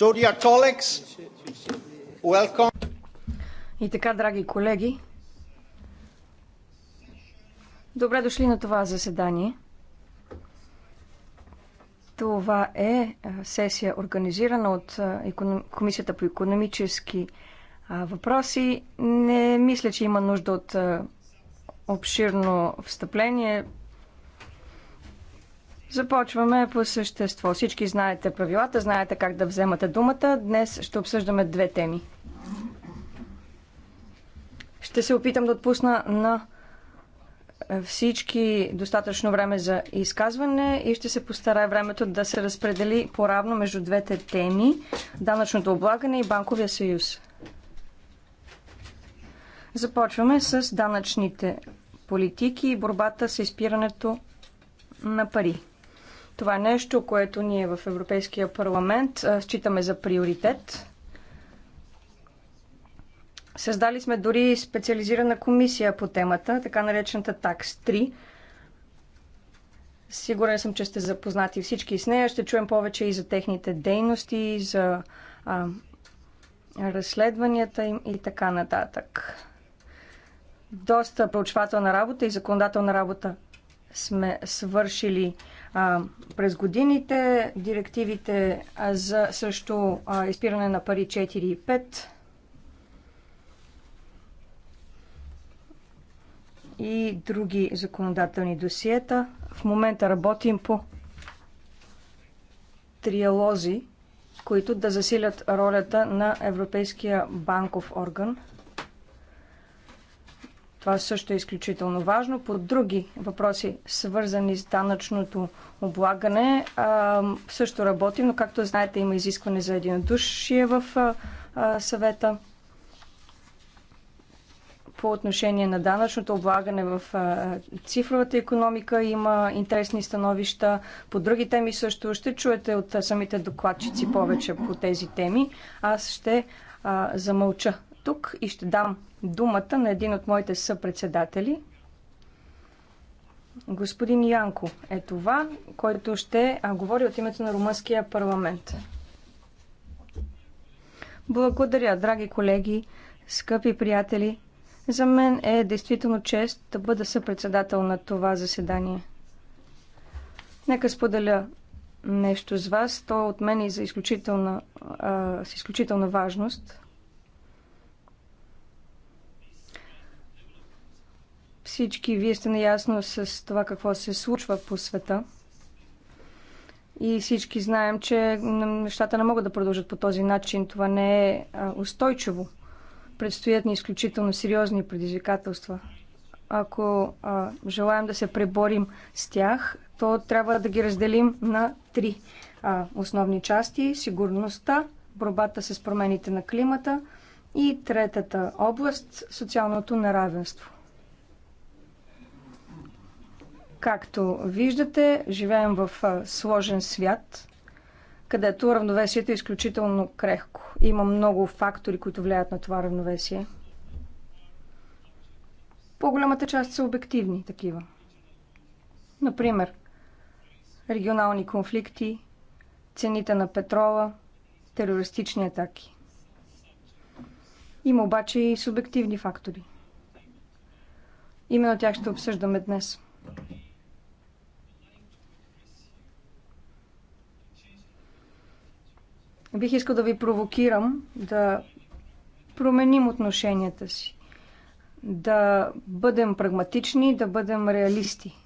So, dear colleagues, welcome. И така, драги колеги, добре дошли на това заседание. Това е, е сесия, организирана от е, Комисията по економически е, въпроси. Не мисля, че има нужда от обширно встъпление. Започваме по същество. Всички знаете правилата, знаете как да вземате думата. Днес ще обсъждаме две теми. Ще се опитам да отпусна на всички достатъчно време за изказване и ще се постарая времето да се разпредели поравно между двете теми данъчното облагане и банковия съюз. Започваме с данъчните политики и борбата с изпирането на пари. Това е нещо, което ние в Европейския парламент считаме за приоритет. Създали сме дори специализирана комисия по темата, така наречената TAX 3 Сигурен съм, че сте запознати всички с нея. Ще чуем повече и за техните дейности, за а, разследванията им и така нататък. Доста проучвателна работа и законодателна работа сме свършили а, през годините директивите за също а, изпиране на пари 4 и 5 и други законодателни досиета. В момента работим по триалози, които да засилят ролята на Европейския банков орган – това също е изключително важно. По други въпроси, свързани с данъчното облагане, също работим, но както знаете има изискване за единодушие в съвета по отношение на данъчното облагане в цифровата економика има интересни становища. По други теми също ще чуете от самите докладчици повече по тези теми. Аз ще замълча тук и ще дам думата на един от моите съпредседатели. Господин Янко е това, който ще говори от името на Румънския парламент. Благодаря, драги колеги, скъпи приятели. За мен е действително чест да бъда съпредседател на това заседание. Нека споделя нещо с вас. То е от мен е за изключителна, а, с изключителна важност. Всички вие сте наясно с това какво се случва по света. И всички знаем, че нещата не могат да продължат по този начин. Това не е устойчиво. Предстоят ни изключително сериозни предизвикателства. Ако а, желаем да се преборим с тях, то трябва да ги разделим на три а, основни части сигурността, борбата с промените на климата и третата област социалното неравенство. Както виждате, живеем в сложен свят, където равновесието е изключително крехко. Има много фактори, които влияят на това равновесие. По-голямата част са обективни такива. Например, регионални конфликти, цените на петрола, терористични атаки. Има обаче и субективни фактори. Именно тях ще обсъждаме днес. Бих искал да ви провокирам да променим отношенията си. Да бъдем прагматични, да бъдем реалисти.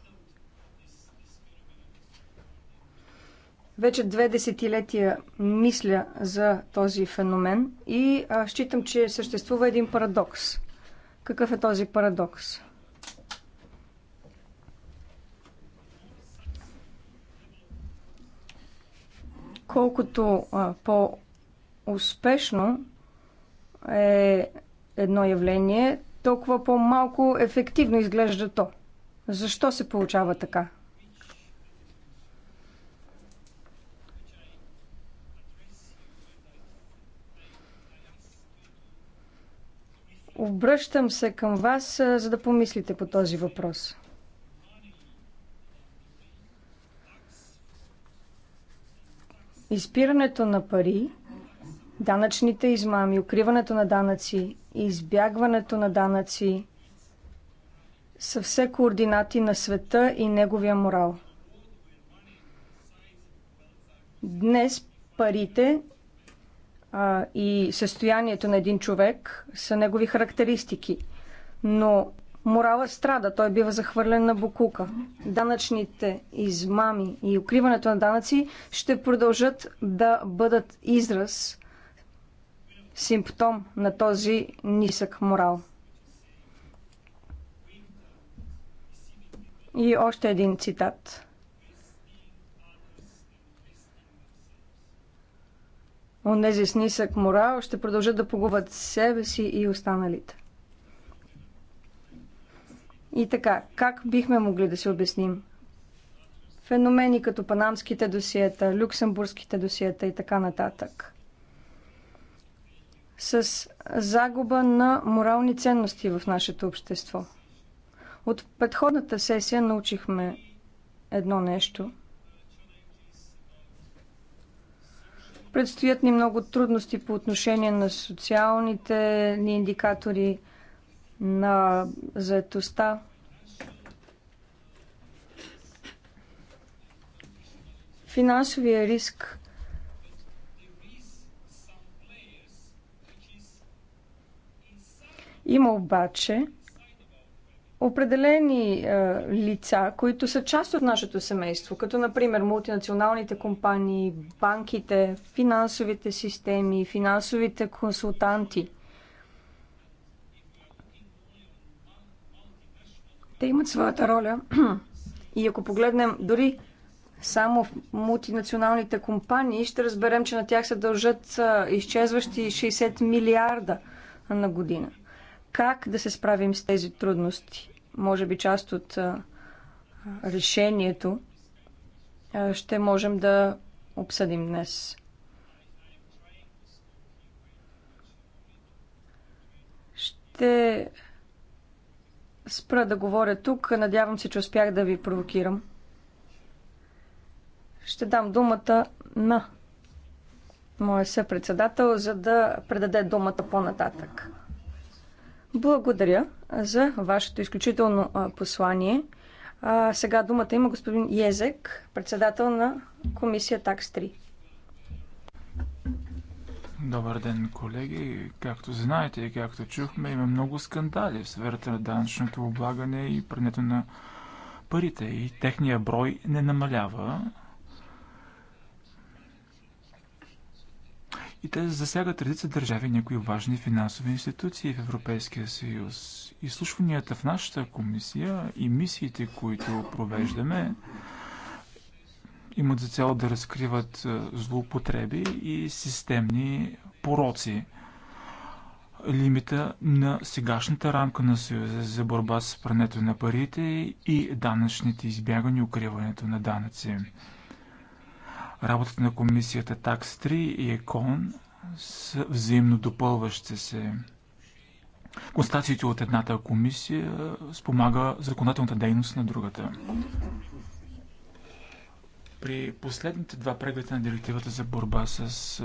Вече две десетилетия мисля за този феномен и а, считам, че съществува един парадокс. Какъв е този парадокс? Колкото по-успешно е едно явление, толкова по-малко ефективно изглежда то. Защо се получава така? Обръщам се към вас, за да помислите по този въпрос. Изпирането на пари, данъчните измами, укриването на данъци и избягването на данъци са все координати на света и неговия морал. Днес парите а, и състоянието на един човек са негови характеристики, но моралът е страда, той бива захвърлен на букука. Данъчните измами и укриването на данъци ще продължат да бъдат израз, симптом на този нисък морал. И още един цитат. Онези с нисък морал ще продължат да погубят себе си и останалите. И така, как бихме могли да се обясним? Феномени като панамските досиета, люксембургските досиета и така нататък. С загуба на морални ценности в нашето общество. От предходната сесия научихме едно нещо. Предстоят ни много трудности по отношение на социалните ни индикатори, на заетостта. финансовия риск. Има обаче определени е, лица, които са част от нашето семейство, като например мултинационалните компании, банките, финансовите системи, финансовите консултанти. Те имат своята роля. И ако погледнем дори само в мултинационалните компании, ще разберем, че на тях се дължат изчезващи 60 милиарда на година. Как да се справим с тези трудности? Може би част от решението ще можем да обсъдим днес. Ще спра да говоря тук. Надявам се, че успях да ви провокирам. Ще дам думата на моя съпредседател, за да предаде думата по-нататък. Благодаря за вашето изключително послание. А, сега думата има господин Езек, председател на комисия ТАКС-3. Добър ден, колеги. Както знаете и както чухме, има много скандали в сферата на данъчното облагане и прането на парите. И техния брой не намалява. и те засягат редица държави някои важни финансови институции в Европейския съюз. Изслушванията в нашата комисия и мисиите, които провеждаме, имат за цел да разкриват злоупотреби и системни пороци. Лимита на сегашната рамка на Съюза за борба с прането на парите и данъчните избягания и укриването на данъци. Работата на комисията Tax 3 и ЕКОН са взаимно допълващи се. Констациите от едната комисия спомага законодателната дейност на другата. При последните два прегледа на директивата за борба с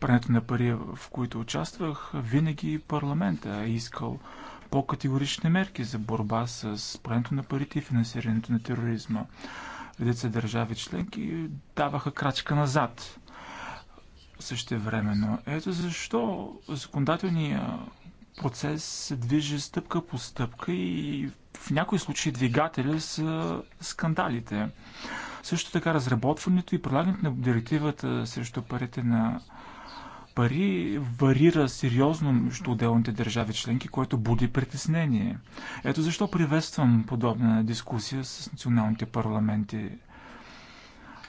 прането на пари, в които участвах, винаги парламента е искал по-категорични мерки за борба с прането на парите и финансирането на тероризма редица държави членки даваха крачка назад същевременно. Ето защо законодателният процес се движи стъпка по стъпка и в някои случаи двигателя са скандалите. Също така разработването и прилагането на директивата срещу парите на пари варира сериозно между отделните държави членки, което буди притеснение. Ето защо приветствам подобна дискусия с националните парламенти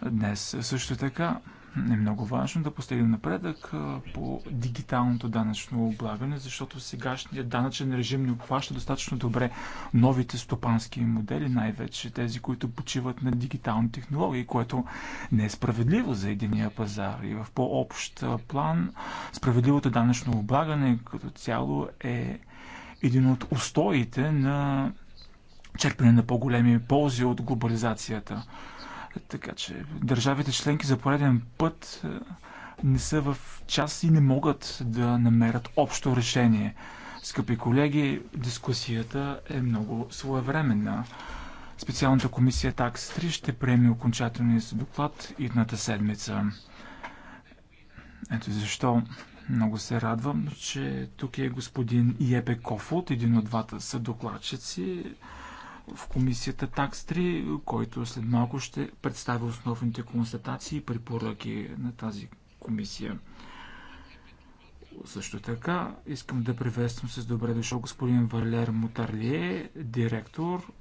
днес. Също така, е много важно да постигнем напредък по дигиталното данъчно облагане, защото сегашният данъчен режим не обхваща достатъчно добре новите стопански модели, най-вече тези, които почиват на дигитални технологии, което не е справедливо за единия пазар. И в по-общ план справедливото данъчно облагане като цяло е един от устоите на черпене на по-големи ползи от глобализацията. Така че държавите членки за пореден път е, не са в час и не могат да намерят общо решение. Скъпи колеги, дискусията е много своевременна. Специалната комисия ТАКС-3 ще приеме окончателния си доклад идната седмица. Ето защо много се радвам, че тук е господин Епе Кофот, един от двата съдокладчици. докладчици в комисията такстри, 3 който след малко ще представи основните констатации и препоръки на тази комисия. Също така искам да приветствам с добре дошъл господин Валер Мутарлие, директор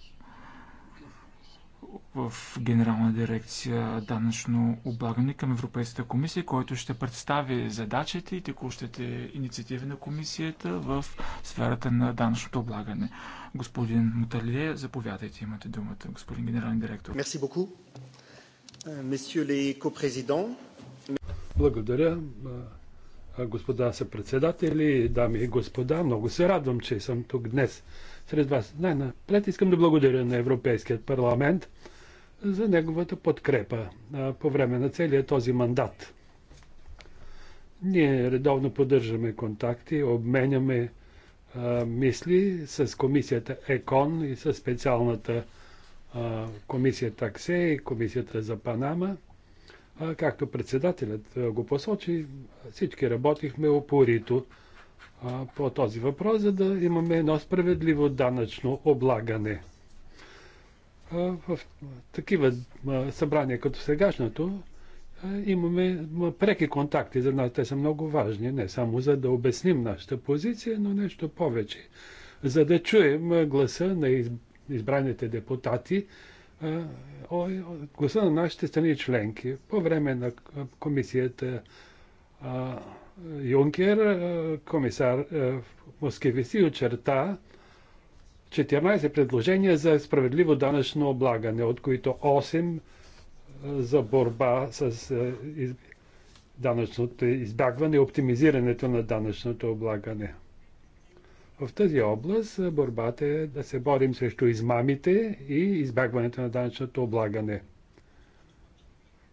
в Генерална дирекция данъчно облагане към Европейската комисия, който ще представи задачите и текущите инициативи на комисията в сферата на данъчното облагане. Господин Муталие, заповядайте, имате думата, господин генерален директор. Мерси боку. Euh, благодаря, господа са председатели, дами и господа. Много се радвам, че съм тук днес сред вас. Най-напред искам да благодаря на Европейският парламент за неговата подкрепа по време на целия този мандат. Ние редовно поддържаме контакти, обменяме мисли с комисията ЕКОН и с специалната комисия ТАКСЕ и комисията за Панама. Както председателят го посочи, всички работихме опорито по този въпрос, за да имаме едно справедливо данъчно облагане. В такива събрания като сегашното, имаме преки контакти за нас. Те са много важни, не само за да обясним нашата позиция, но нещо повече. За да чуем гласа на избраните депутати, гласа на нашите страни членки. По време на комисията Юнкер, комисар Москевиси очерта 14 предложения за справедливо данъчно облагане, от които 8 за борба с е, данъчното избягване и оптимизирането на данъчното облагане. В тази област е, борбата е да се борим срещу измамите и избягването на данъчното облагане.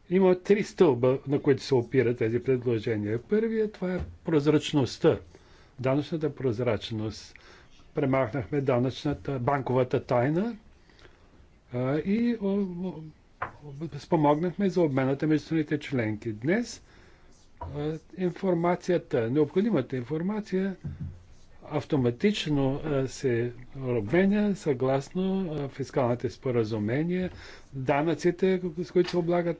Има три стълба, на които се опират тези предложения. Първият това е прозрачността, данъчната прозрачност. Премахнахме данъчната банковата тайна е, и спомогнахме за обмената между страните членки. Днес информацията, необходимата информация автоматично се обменя съгласно фискалните споразумения, данъците, с които се облагат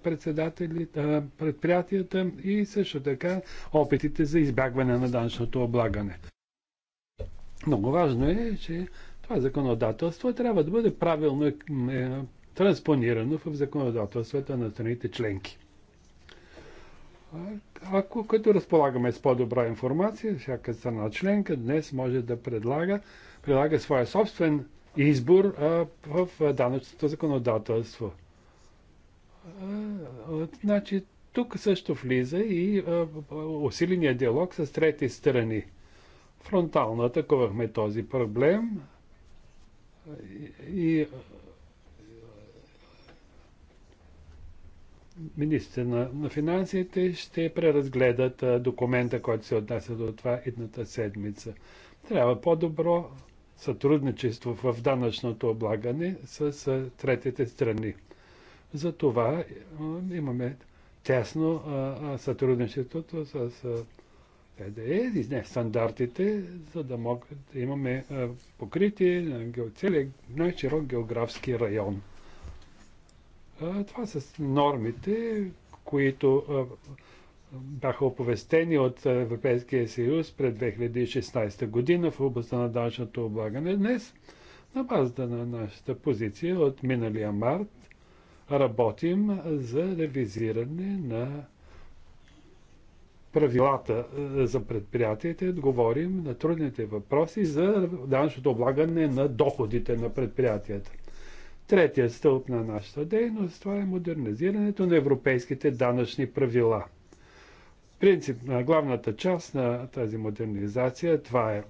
предприятията и също така опитите за избягване на данъчното облагане. Много важно е, че това законодателство трябва да бъде правилно е, транспонирано в законодателствата на страните членки. Ако като разполагаме с по-добра информация, всяка страна членка днес може да предлага, предлага своя собствен избор а, в данъчното законодателство. А, значи, тук също влиза и а, усиления диалог с трети страни. Фронтално атакувахме този проблем и, и министрите на, на финансите ще преразгледат а, документа, който се отнася до това едната седмица. Трябва по-добро сътрудничество в данъчното облагане с а, третите страни. За това а, имаме тясно сътрудничеството с ЕДЕ, е, не, стандартите, за да могат да имаме покритие на целият най-широк географски район. Това са нормите, които бяха оповестени от Европейския съюз през 2016 година в областта на данъчното облагане. Днес, на базата на нашата позиция от миналия март, работим за ревизиране на правилата за предприятията, говорим на трудните въпроси за данъчното облагане на доходите на предприятията. Третият стълб на нашата дейност това е модернизирането на европейските данъчни правила. Принцип на главната част на тази модернизация това е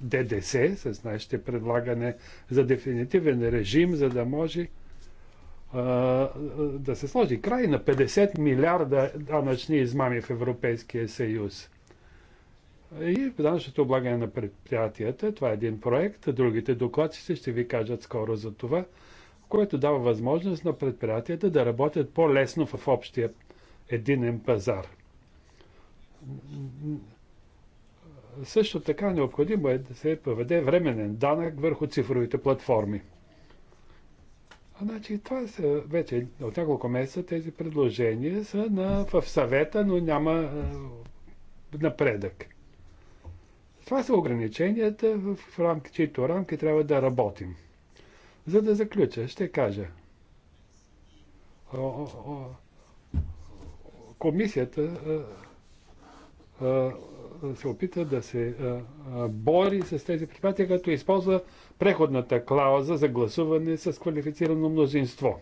ДДС, с нашите предлагане за дефинитивен режим, за да може да се сложи край на 50 милиарда данъчни измами в Европейския съюз. И данъчното облагане на предприятията, това е един проект, другите докладчици ще ви кажат скоро за това което дава възможност на предприятията да работят по-лесно в общия единен пазар. Също така необходимо е да се поведе временен данък върху цифровите платформи. А значи това са вече от няколко месеца тези предложения са на, в съвета, но няма а, напредък. Това са ограниченията, в рамки, чието рамки трябва да работим. За да заключа, ще кажа. комисията е, е, е, се опита да се бори с тези предприятия, като използва преходната клауза за гласуване с квалифицирано мнозинство.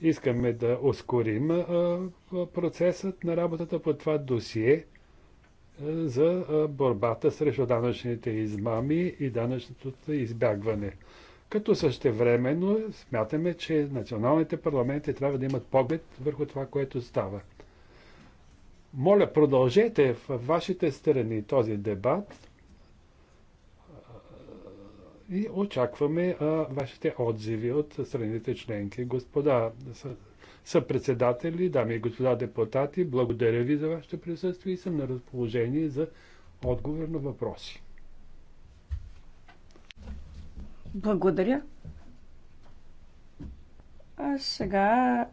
Искаме да ускорим процесът на работата по това досие за борбата срещу данъчните измами и данъчното избягване. Като същевременно смятаме, че националните парламенти трябва да имат поглед върху това, което става. Моля, продължете в вашите страни този дебат и очакваме вашите отзиви от страните членки. Господа съпредседатели, дами и господа депутати, благодаря ви за вашето присъствие и съм на разположение за отговор на въпроси. Благодаря. А сега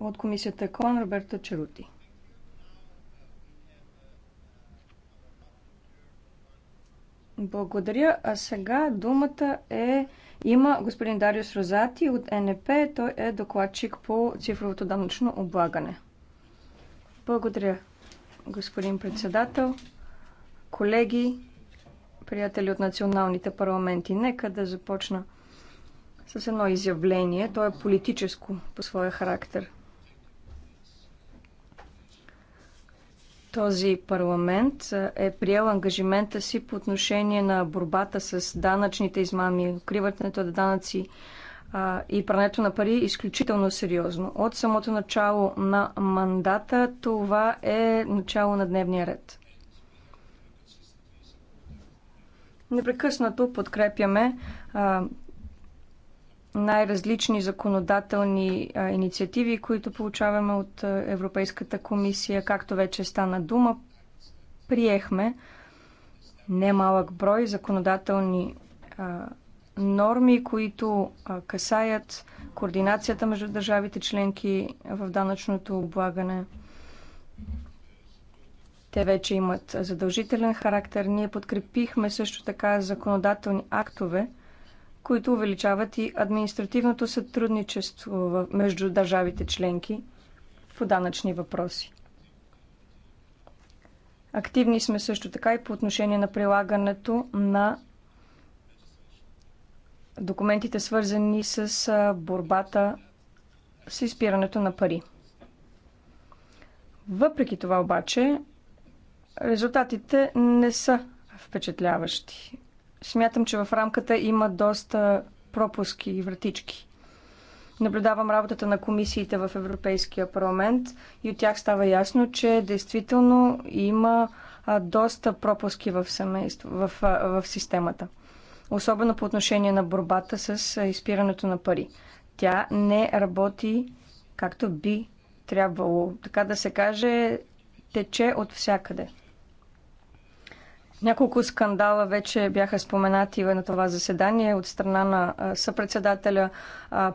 от комисията Клан Роберта Черути. Благодаря. А сега думата е има господин Дариус Розати от НП. Той е докладчик по цифровото данъчно облагане. Благодаря, господин председател. Колеги, приятели от националните парламенти, нека да започна с едно изявление. То е политическо по своя характер – Този парламент е приел ангажимента си по отношение на борбата с данъчните измами, укриването на данъци и прането на пари изключително сериозно. От самото начало на мандата това е начало на дневния ред. Непрекъснато подкрепяме а, най-различни законодателни а, инициативи, които получаваме от а, Европейската комисия, както вече стана дума, приехме немалък брой законодателни а, норми, които а, касаят координацията между държавите членки в данъчното облагане. Те вече имат задължителен характер. Ние подкрепихме също така законодателни актове – които увеличават и административното сътрудничество между държавите членки по данъчни въпроси. Активни сме също така и по отношение на прилагането на документите, свързани с борбата с изпирането на пари. Въпреки това обаче, резултатите не са впечатляващи смятам, че в рамката има доста пропуски и вратички. Наблюдавам работата на комисиите в Европейския парламент и от тях става ясно, че действително има доста пропуски в, семейство, в, в системата. Особено по отношение на борбата с изпирането на пари. Тя не работи както би трябвало. Така да се каже, тече от всякъде. Няколко скандала вече бяха споменати на това заседание от страна на съпредседателя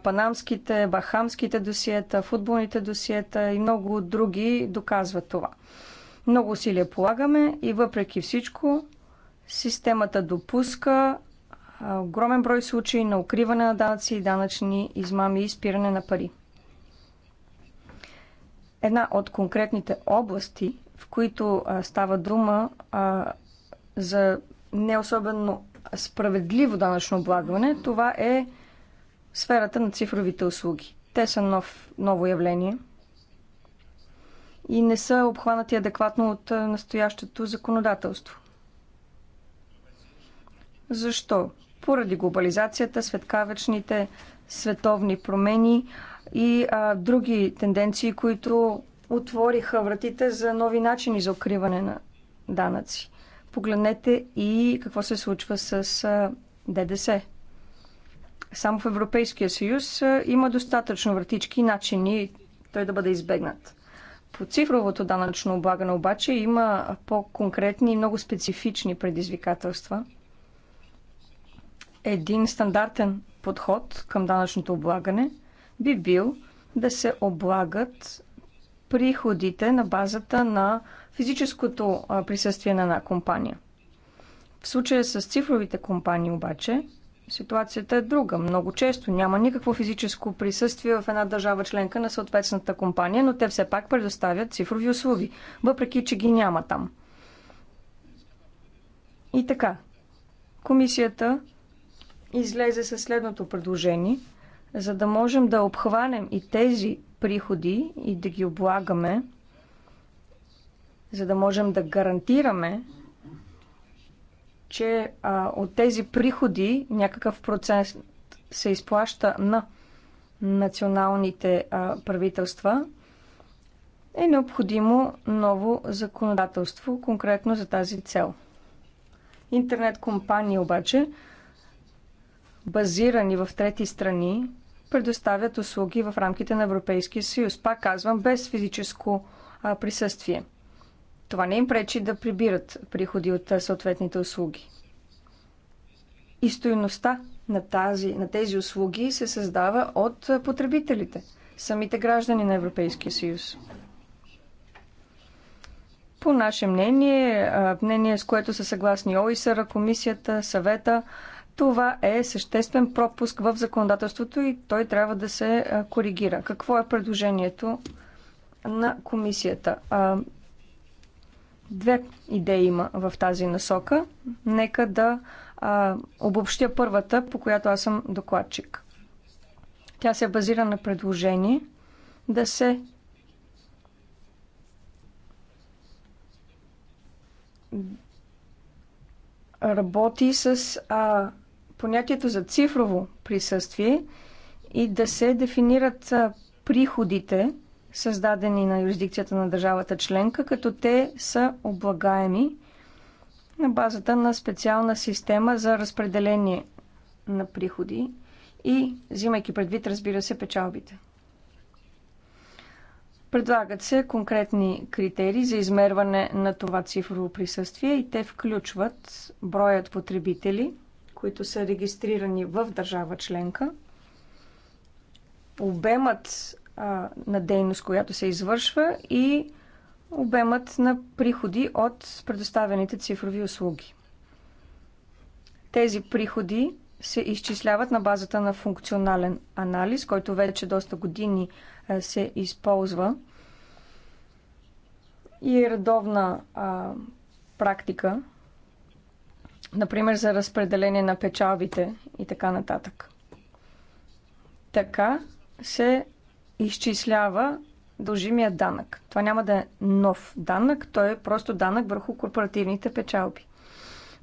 панамските, бахамските досиета, футболните досиета и много други доказват това. Много усилия полагаме и въпреки всичко системата допуска огромен брой случаи на укриване на данъци и данъчни измами и спиране на пари. Една от конкретните области, в които става дума за не особено справедливо данъчно облагване, това е сферата на цифровите услуги. Те са нов, ново явление и не са обхванати адекватно от настоящото законодателство. Защо? Поради глобализацията, светкавечните световни промени и а, други тенденции, които отвориха вратите за нови начини за укриване на данъци. Погледнете и какво се случва с ДДС. Само в Европейския съюз има достатъчно вратички и начини той да бъде избегнат. По цифровото данъчно облагане обаче има по-конкретни и много специфични предизвикателства. Един стандартен подход към данъчното облагане би бил да се облагат приходите на базата на физическото присъствие на една компания. В случая с цифровите компании обаче, ситуацията е друга. Много често няма никакво физическо присъствие в една държава членка на съответната компания, но те все пак предоставят цифрови услуги, въпреки че ги няма там. И така, комисията излезе със следното предложение, за да можем да обхванем и тези приходи и да ги облагаме за да можем да гарантираме, че а, от тези приходи някакъв процент се изплаща на националните а, правителства, е необходимо ново законодателство, конкретно за тази цел. Интернет компании обаче, базирани в трети страни, предоставят услуги в рамките на Европейския съюз, пак казвам, без физическо а, присъствие – това не им пречи да прибират приходи от съответните услуги. И стоеността на, тази, на тези услуги се създава от потребителите, самите граждани на Европейския съюз. По наше мнение, мнение с което са съгласни ОИСР, комисията, съвета, това е съществен пропуск в законодателството и той трябва да се коригира. Какво е предложението на комисията? Две идеи има в тази насока. Нека да а, обобщя първата, по която аз съм докладчик. Тя се базира на предложение да се работи с а, понятието за цифрово присъствие и да се дефинират а, приходите създадени на юрисдикцията на държавата членка, като те са облагаеми на базата на специална система за разпределение на приходи и взимайки предвид, разбира се, печалбите. Предлагат се конкретни критерии за измерване на това цифрово присъствие и те включват броят потребители, които са регистрирани в държава членка, обемът а, на дейност, която се извършва и обемът на приходи от предоставените цифрови услуги. Тези приходи се изчисляват на базата на функционален анализ, който вече доста години се използва и е редовна а, практика, например за разпределение на печалбите и така нататък. Така се изчислява дължимия данък. Това няма да е нов данък, той е просто данък върху корпоративните печалби.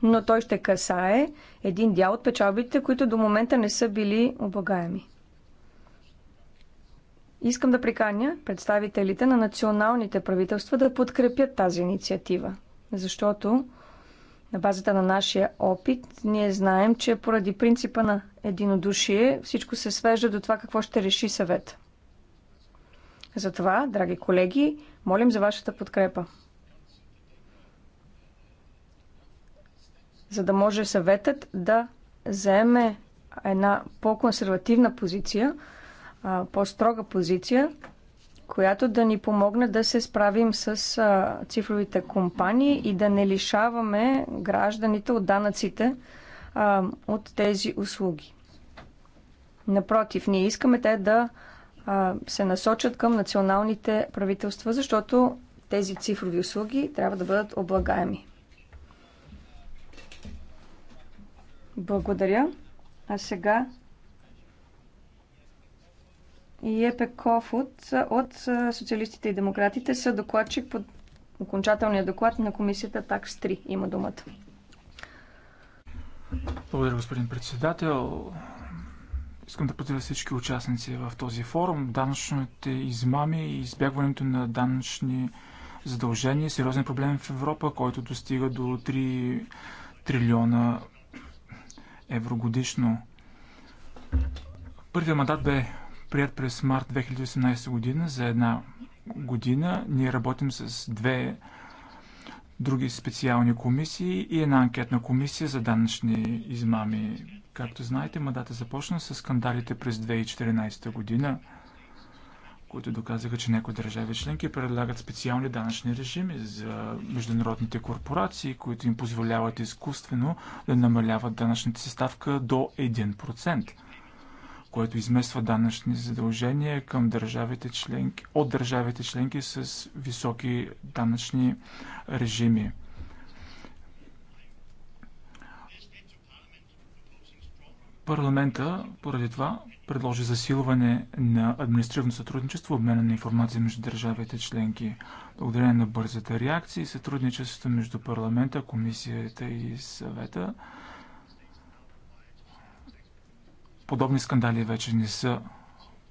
Но той ще касае един дял от печалбите, които до момента не са били облагаеми. Искам да приканя представителите на националните правителства да подкрепят тази инициатива, защото на базата на нашия опит ние знаем, че поради принципа на единодушие всичко се свежда до това какво ще реши съвета. Затова, драги колеги, молим за вашата подкрепа. За да може съветът да заеме една по-консервативна позиция, по-строга позиция, която да ни помогне да се справим с цифровите компании и да не лишаваме гражданите от данъците от тези услуги. Напротив, ние искаме те да се насочат към националните правителства, защото тези цифрови услуги трябва да бъдат облагаеми. Благодаря. А сега Епе Кофут от Социалистите и демократите са докладчик под окончателния доклад на комисията ТАКС 3. Има думата. Благодаря, господин председател. Искам да поздравя всички участници в този форум. Данъчните измами и избягването на данъчни задължения е сериозен проблем в Европа, който достига до 3 трилиона евро годишно. Първият мандат бе прият през март 2018 година. За една година ние работим с две други специални комисии и една анкетна комисия за данъчни измами. Както знаете, мандата започна с скандалите през 2014 година, които доказаха, че някои държави членки предлагат специални данъчни режими за международните корпорации, които им позволяват изкуствено да намаляват данъчната си ставка до 1% което измества данъчни задължения към държавите членки, от държавите членки с високи данъчни режими. Парламента поради това предложи засилване на административно сътрудничество, обмена на информация между държавите членки. Благодарение на бързата реакция и сътрудничеството между парламента, комисията и съвета, Подобни скандали вече не са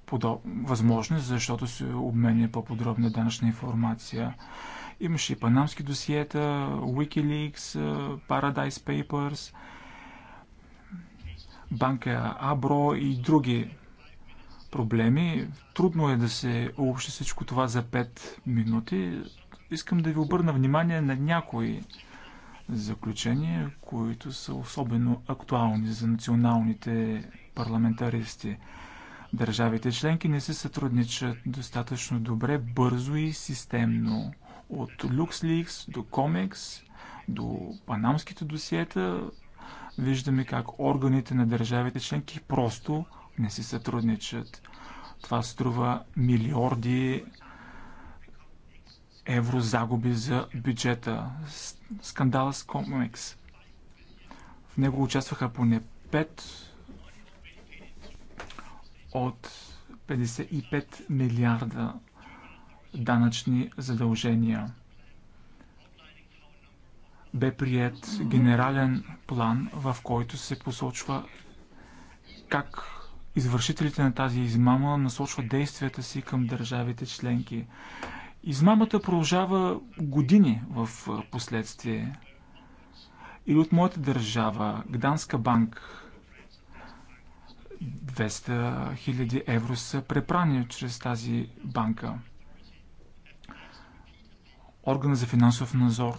подоб... възможни, защото се обменя по-подробна данъчна информация. Имаше и панамски досиета, Wikileaks, Paradise Papers, банка Абро и други проблеми. Трудно е да се общи всичко това за 5 минути. Искам да ви обърна внимание на някои заключения, които са особено актуални за националните парламентаристи. Държавите членки не се сътрудничат достатъчно добре, бързо и системно. От LuxLeaks до COMEX до панамските досиета виждаме как органите на държавите членки просто не се сътрудничат. Това струва милиорди евро загуби за бюджета. Скандала с Комекс. В него участваха поне 5 от 55 милиарда данъчни задължения. Бе прият генерален план, в който се посочва как извършителите на тази измама насочват действията си към държавите членки. Измамата продължава години в последствие. и от моята държава, Гданска банк, 200 000 евро са препрани чрез тази банка. Органа за финансов надзор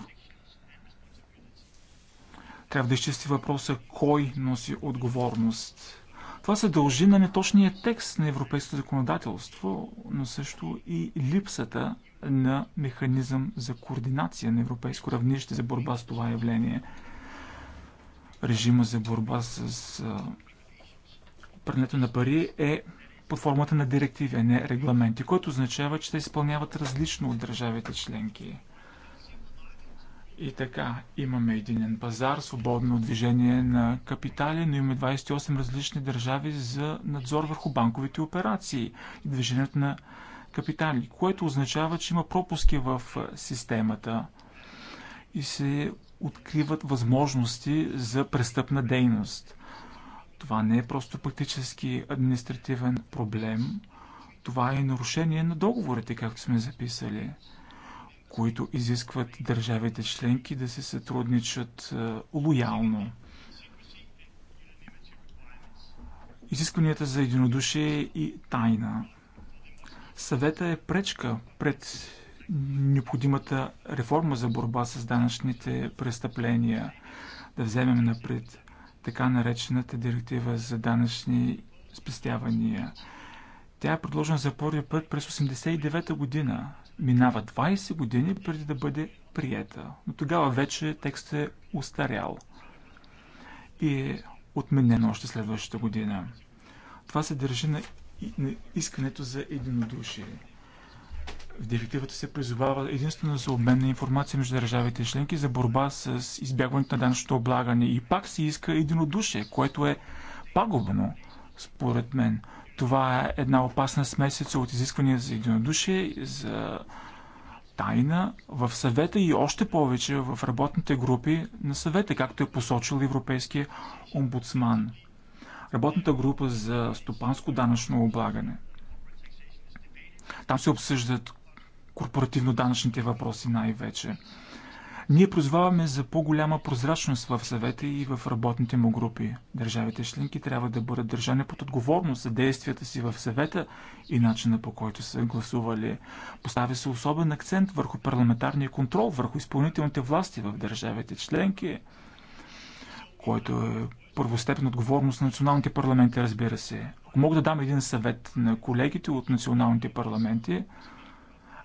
трябва да изчисти въпроса кой носи отговорност. Това се дължи на неточния текст на европейското законодателство, но също и липсата на механизъм за координация на европейско равнище за борба с това явление. Режима за борба с прането на пари е под формата на директиви, а не регламенти, което означава, че те изпълняват различно от държавите членки. И така, имаме единен пазар, свободно движение на капитали, но имаме 28 различни държави за надзор върху банковите операции и движението на капитали, което означава, че има пропуски в системата и се откриват възможности за престъпна дейност. Това не е просто практически административен проблем. Това е нарушение на договорите, както сме записали, които изискват държавите членки да се сътрудничат е, лоялно. Изискванията за единодушие и тайна. Съвета е пречка пред необходимата реформа за борба с данъчните престъпления. Да вземем напред така наречената директива за данъчни спестявания. Тя е предложена за първи път през 1989 година. Минава 20 години преди да бъде приета. Но тогава вече текстът е устарял и е отменен още следващата година. Това се държи на, на искането за единодушие. В директивата се призовава единствено за обмен на информация между държавите и членки за борба с избягването на данъчното облагане. И пак се иска единодушие, което е пагубно, според мен. Това е една опасна смесица от изисквания за единодушие, за тайна в съвета и още повече в работните групи на съвета, както е посочил Европейския омбудсман. Работната група за стопанско данъчно облагане. Там се обсъждат корпоративно-данъчните въпроси най-вече. Ние прозваваме за по-голяма прозрачност в съвета и в работните му групи. Държавите членки трябва да бъдат държани под отговорност за действията си в съвета и начина по който са гласували. Поставя се особен акцент върху парламентарния контрол, върху изпълнителните власти в държавите членки, който е първостепен отговорност на националните парламенти, разбира се. Ако мога да дам един съвет на колегите от националните парламенти,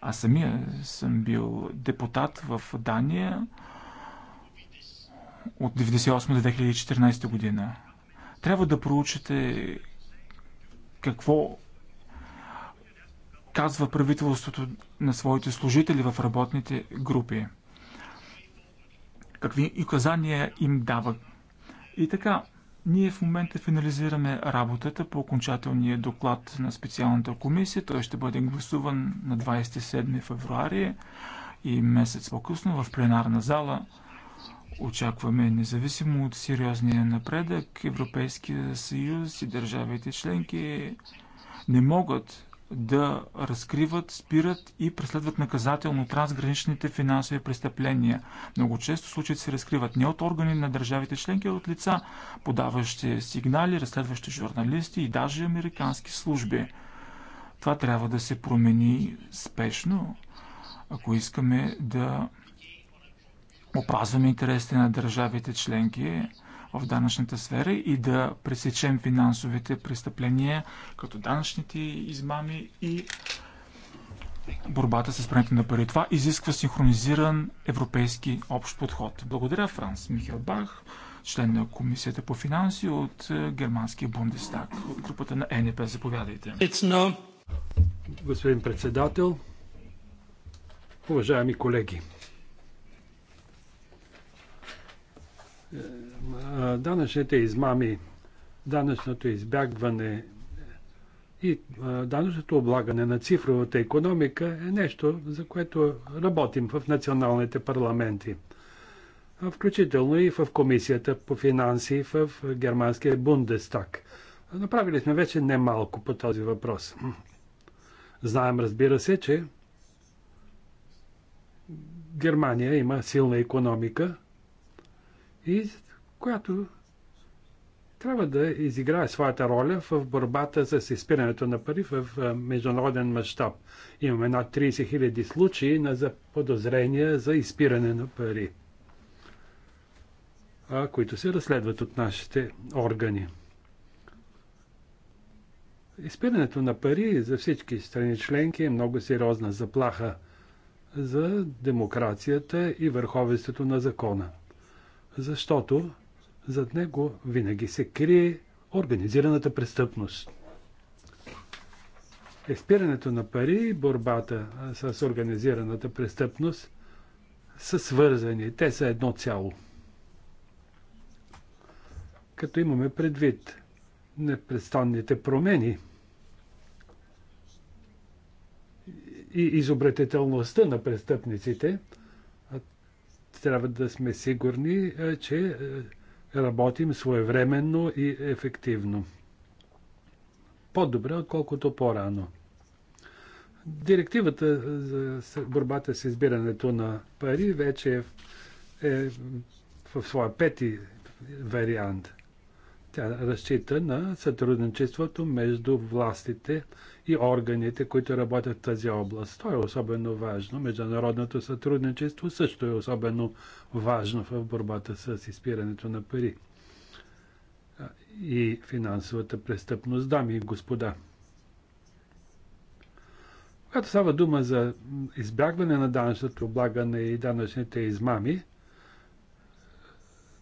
аз самия съм бил депутат в Дания от 1998 до 2014 година. Трябва да проучите какво казва правителството на своите служители в работните групи. Какви указания им дава. И така, ние в момента финализираме работата по окончателния доклад на специалната комисия. Той ще бъде гласуван на 27 февруари и месец по-късно в пленарна зала. Очакваме, независимо от сериозния напредък, Европейския съюз и държавите членки не могат да разкриват, спират и преследват наказателно трансграничните финансови престъпления. Много често случаите се разкриват не от органи на държавите членки, а от лица, подаващи сигнали, разследващи журналисти и даже американски служби. Това трябва да се промени спешно, ако искаме да опазваме интересите на държавите членки в данъчната сфера и да пресечем финансовите престъпления, като данъчните измами и борбата с прането на пари. Това изисква синхронизиран европейски общ подход. Благодаря Франс Михел Бах, член на Комисията по финанси от е, Германския Бундестаг, от групата на НП. Е. Заповядайте. No... Господин председател, уважаеми колеги, е, данъчните измами, данъчното избягване и данъчното облагане на цифровата економика е нещо, за което работим в националните парламенти. Включително и в Комисията по финанси в германския Бундестаг. Направили сме вече немалко по този въпрос. Знаем, разбира се, че Германия има силна економика и която трябва да изиграе своята роля в борбата с изпирането на пари в международен мащаб. Имаме над 30 000 случаи на подозрения за изпиране на пари, които се разследват от нашите органи. Изпирането на пари за всички страни членки е много сериозна заплаха за демокрацията и върховенството на закона. Защото зад него винаги се крие организираната престъпност. Изпирането е, на пари и борбата с организираната престъпност са свързани. Те са едно цяло. Като имаме предвид непрестанните промени и изобретителността на престъпниците, трябва да сме сигурни, че работим своевременно и ефективно. По-добре, отколкото по-рано. Директивата за борбата с избирането на пари вече е, е в своя пети вариант. Тя разчита на сътрудничеството между властите и органите, които работят в тази област. То е особено важно. Международното сътрудничество също е особено важно в борбата с изпирането на пари и финансовата престъпност, дами и господа. Когато става дума за избягване на данъчното облагане и данъчните измами,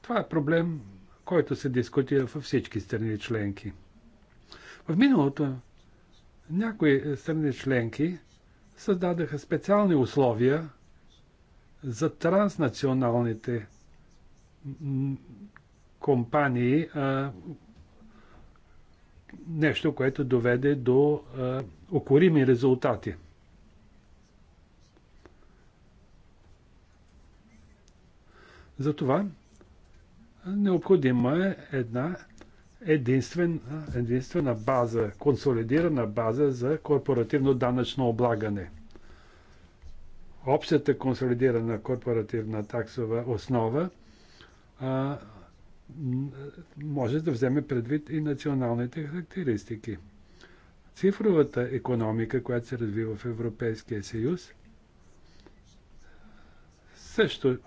това е проблем, който се дискутира във всички страни членки. В миналото някои е, страни членки създадаха специални условия за транснационалните компании, нещо, което доведе до окорими резултати. Затова необходима е една единствен, единствена база, консолидирана база за корпоративно данъчно облагане. Общата консолидирана корпоративна таксова основа а, може да вземе предвид и националните характеристики. Цифровата економика, която се развива в Европейския съюз, също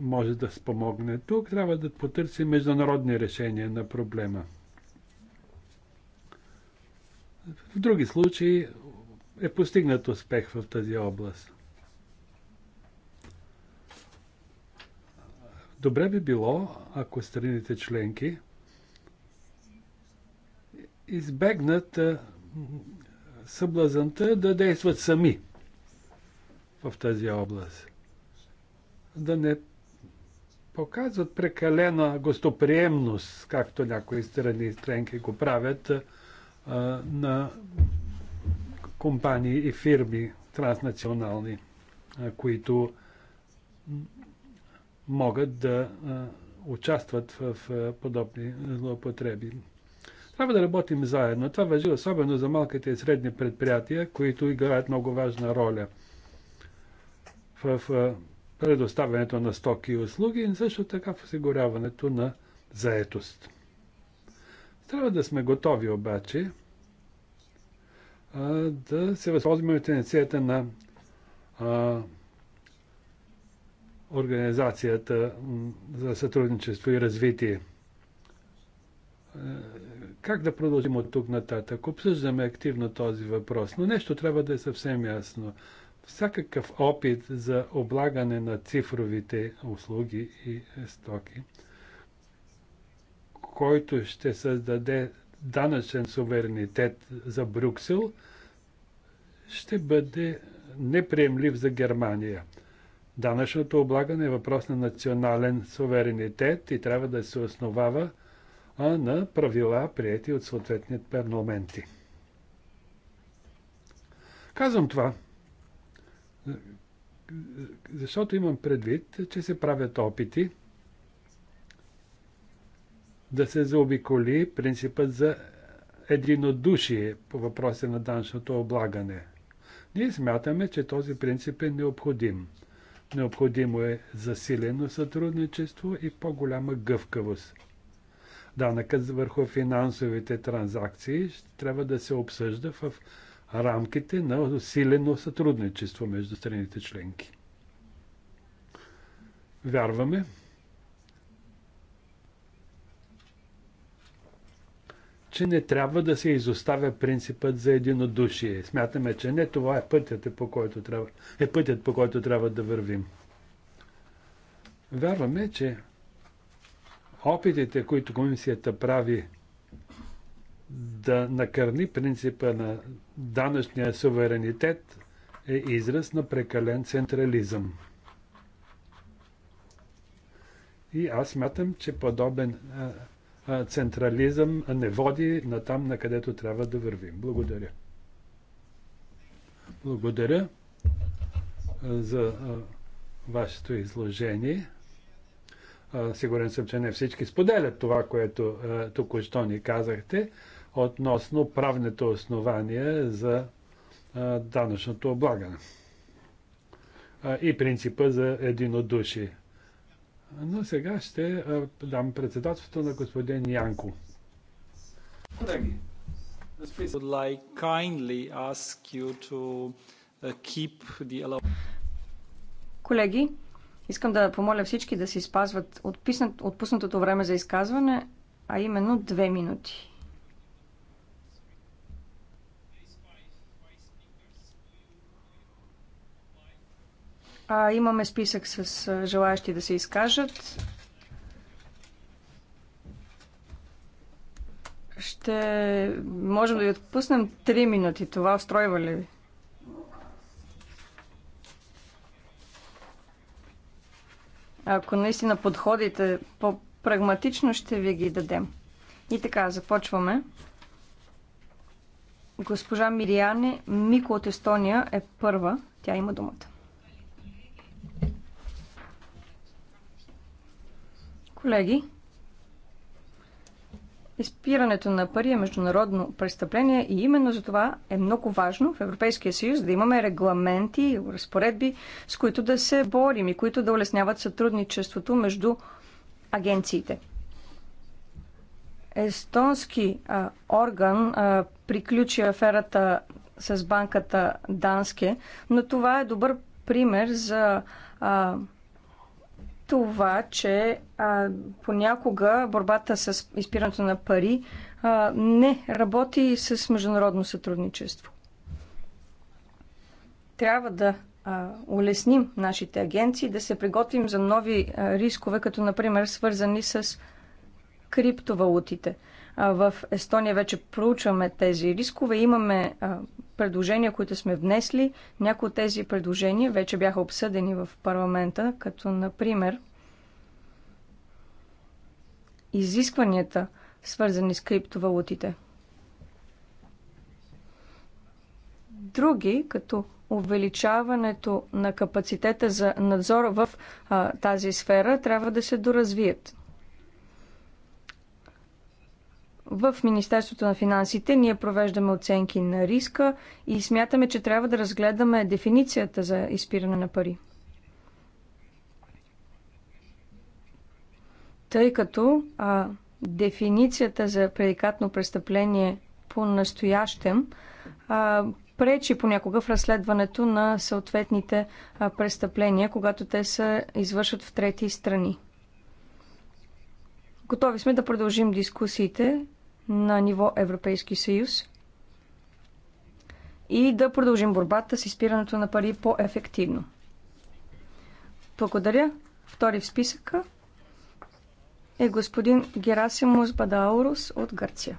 може да спомогне тук, трябва да потърсим международни решения на проблема. В други случаи е постигнат успех в тази област. Добре би било, ако страните членки избегнат съблазанта да действат сами в тази област. Да не показват прекалена гостоприемност, както някои страни странки го правят на компании и фирми транснационални, които могат да участват в, в подобни злоупотреби. Трябва да работим заедно. Това въжи особено за малките и средни предприятия, които играят много важна роля в предоставянето на стоки и услуги и също така в осигуряването на заетост. Трябва да сме готови обаче а, да се възползваме от инициията на а, Организацията за сътрудничество и развитие. Как да продължим от тук нататък? Обсъждаме активно този въпрос, но нещо трябва да е съвсем ясно всякакъв опит за облагане на цифровите услуги и стоки, който ще създаде данъчен суверенитет за Брюксел, ще бъде неприемлив за Германия. Данъчното облагане е въпрос на национален суверенитет и трябва да се основава а на правила, прияти от съответните парламенти. Казвам това, защото имам предвид, че се правят опити да се заобиколи принципът за единодушие по въпроса на данъчното облагане. Ние смятаме, че този принцип е необходим. Необходимо е засилено сътрудничество и по-голяма гъвкавост. Данъкът върху финансовите транзакции трябва да се обсъжда в рамките на усилено сътрудничество между страните членки. Вярваме, че не трябва да се изоставя принципът за единодушие. Смятаме, че не това е пътят, е по който трябва, е пътят, по който трябва да вървим. Вярваме, че опитите, които комисията прави да накърни принципа на данъчния суверенитет е израз на прекален централизъм. И аз мятам, че подобен централизъм не води на там, на където трябва да вървим. Благодаря. Благодаря за вашето изложение. Сигурен съм, че не всички споделят това, което току-що ни казахте относно правните основания за данъчното облагане и принципа за единодушие. Но сега ще дам председателството на господин Янко. Колеги, uh, Колеги, искам да помоля всички да си спазват отпуснатото време за изказване, а именно две минути. А, имаме списък с а, желаящи да се изкажат. Ще можем да ви отпуснем 3 минути. Това устройва ли ви? Ако наистина подходите по-прагматично, ще ви ги дадем. И така, започваме. Госпожа Мириане Мико от Естония е първа. Тя има думата. Колеги, изпирането на пари е международно престъпление и именно за това е много важно в Европейския съюз да имаме регламенти, и разпоредби, с които да се борим и които да улесняват сътрудничеството между агенциите. Естонски а, орган а, приключи аферата с банката Данске, но това е добър пример за а, това, че а, понякога борбата с изпирането на пари а, не работи с международно сътрудничество. Трябва да а, улесним нашите агенции, да се приготвим за нови а, рискове, като например свързани с криптовалутите. А, в Естония вече проучваме тези рискове. Имаме а, предложения, които сме внесли. Някои от тези предложения вече бяха обсъдени в парламента, като например изискванията, свързани с криптовалутите. Други, като увеличаването на капацитета за надзор в а, тази сфера, трябва да се доразвият. В Министерството на финансите ние провеждаме оценки на риска и смятаме, че трябва да разгледаме дефиницията за изпиране на пари. Тъй като а, дефиницията за предикатно престъпление по-настоящем пречи понякога в разследването на съответните престъпления, когато те се извършват в трети страни. Готови сме да продължим дискусиите на ниво Европейски съюз и да продължим борбата с изпирането на пари по-ефективно. Благодаря. Втори в списъка е господин Герасимус Бадаурус от Гърция.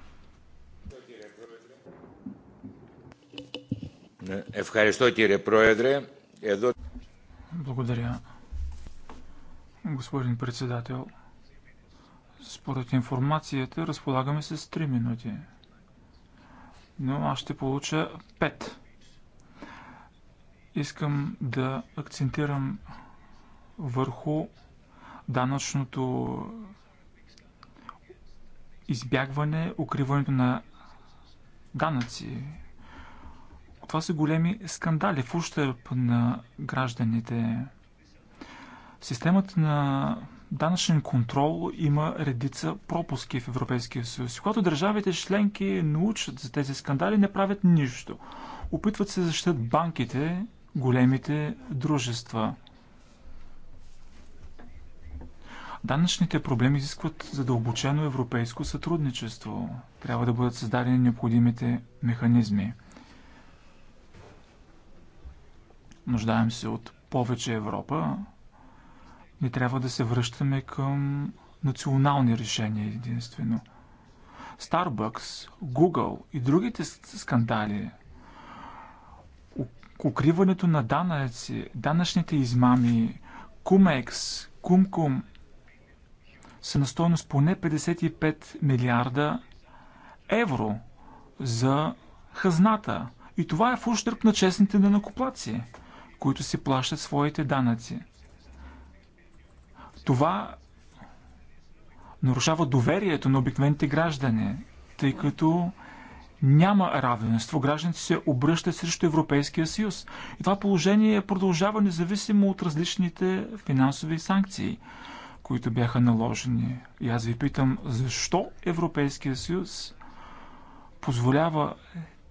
Ευχαριστώ κύριε Πρόεδρε. Благодаря, господин председател. Според информацията разполагаме с 3 минути. Но аз ще получа 5. Искам да акцентирам върху данъчното избягване, укриването на данъци. Това са големи скандали в ущърп на гражданите. Системата на данъчен контрол има редица пропуски в Европейския съюз. Когато държавите членки научат за тези скандали, не правят нищо. Опитват се защитат банките, големите дружества. Данъчните проблеми изискват задълбочено европейско сътрудничество. Трябва да бъдат създадени необходимите механизми. Нуждаем се от повече Европа, не трябва да се връщаме към национални решения единствено. Starbucks, Google и другите скандали, укриването на данъци, данъчните измами, Кумекс, Кумкум са на стоеност поне 55 милиарда евро за хазната. И това е в ущърп на честните данакоплаци, които си плащат своите данъци. Това нарушава доверието на обикновените граждани, тъй като няма равенство. Гражданите се обръщат срещу Европейския съюз. И това положение продължава независимо от различните финансови санкции, които бяха наложени. И аз ви питам, защо Европейския съюз позволява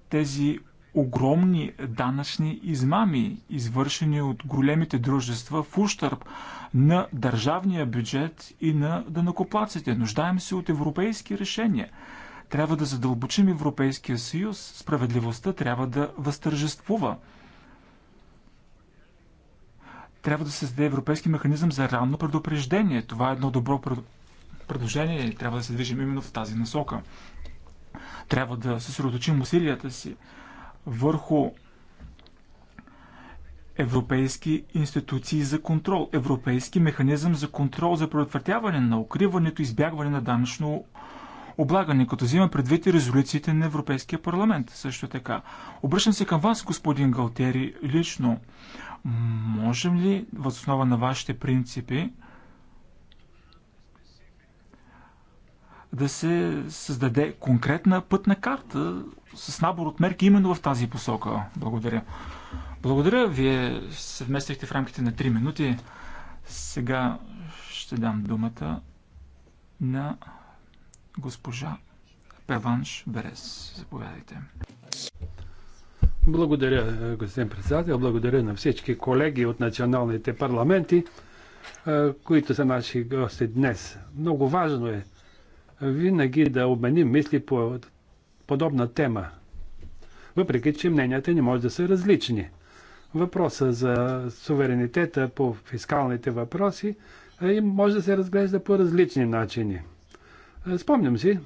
тези огромни данъчни измами, извършени от големите дружества в ущърб на държавния бюджет и на данакоплаците. Нуждаем се от европейски решения. Трябва да задълбочим Европейския съюз. Справедливостта трябва да възтържествува. Трябва да се създаде европейски механизъм за ранно предупреждение. Това е едно добро предложение и трябва да се движим именно в тази насока. Трябва да съсредоточим усилията си върху европейски институции за контрол, европейски механизъм за контрол за предотвратяване на укриването и избягване на данъчно облагане, като взима предвид и резолюциите на Европейския парламент също така. Обръщам се към вас, господин Галтери, лично. Можем ли, възоснова на вашите принципи, да се създаде конкретна пътна карта с набор от мерки именно в тази посока. Благодаря. Благодаря. Вие се вместихте в рамките на 3 минути. Сега ще дам думата на госпожа Певанш Берес. Заповядайте. Благодаря, господин председател. Благодаря на всички колеги от националните парламенти, които са наши гости днес. Много важно е винаги да обменим мисли по подобна тема. Въпреки, че мненията не може да са различни. Въпроса за суверенитета по фискалните въпроси може да се разглежда по различни начини. Спомням си,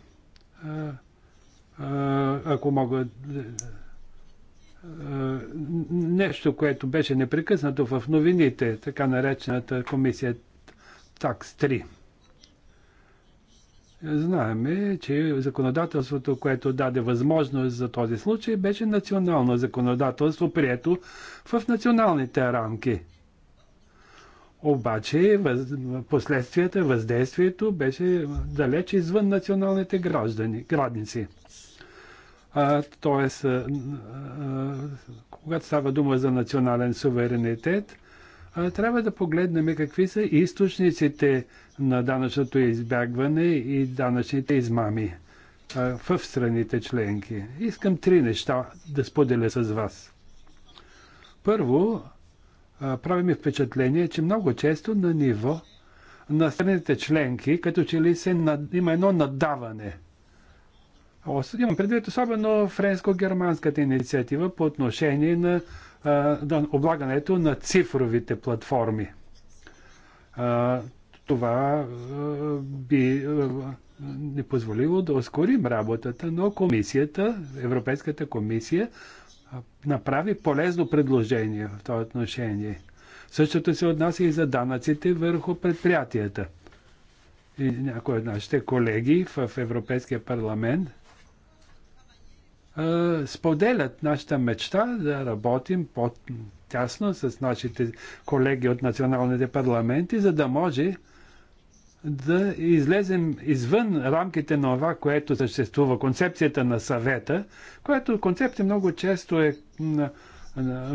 ако мога нещо, което беше непрекъснато в новините, така наречената комисия ТАКС 3. Знаеме, че законодателството, което даде възможност за този случай, беше национално законодателство, прието в националните рамки. Обаче въз... последствията, въздействието беше далеч извън националните граждани, градници. А, тоест, а, а, когато става дума за национален суверенитет, трябва да погледнем какви са източниците на данъчното избягване и данъчните измами в страните членки. Искам три неща да споделя с вас. Първо, прави ми впечатление, че много често на ниво на страните членки, като че ли се над... има едно надаване. Имам предвид особено френско-германската инициатива по отношение на на облагането на цифровите платформи. Това би ни позволило да ускорим работата, но комисията, Европейската комисия, направи полезно предложение в това отношение. Същото се отнася и за данъците върху предприятията. И някои от нашите колеги в Европейския парламент споделят нашата мечта да работим по-тясно с нашите колеги от националните парламенти, за да може да излезем извън рамките на това, което съществува, концепцията на съвета, която концепция много често е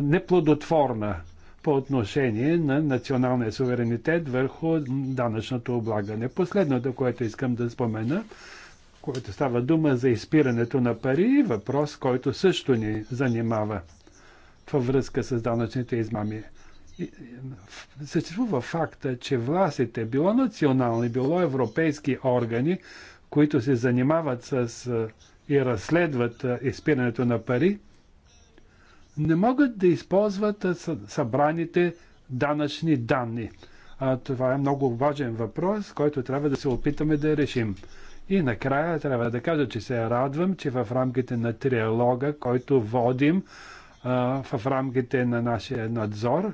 неплодотворна по отношение на националния суверенитет върху данъчното облагане. Последното, което искам да спомена, което става дума за изпирането на пари, въпрос, който също ни занимава във връзка с данъчните измами. Съществува факта, че властите, било национални, било европейски органи, които се занимават с е, и разследват е, изпирането на пари, не могат да използват е, събраните данъчни данни. А това е много важен въпрос, който трябва да се опитаме да решим. И накрая трябва да кажа, че се радвам, че в рамките на триалога, който водим а, в рамките на нашия надзор,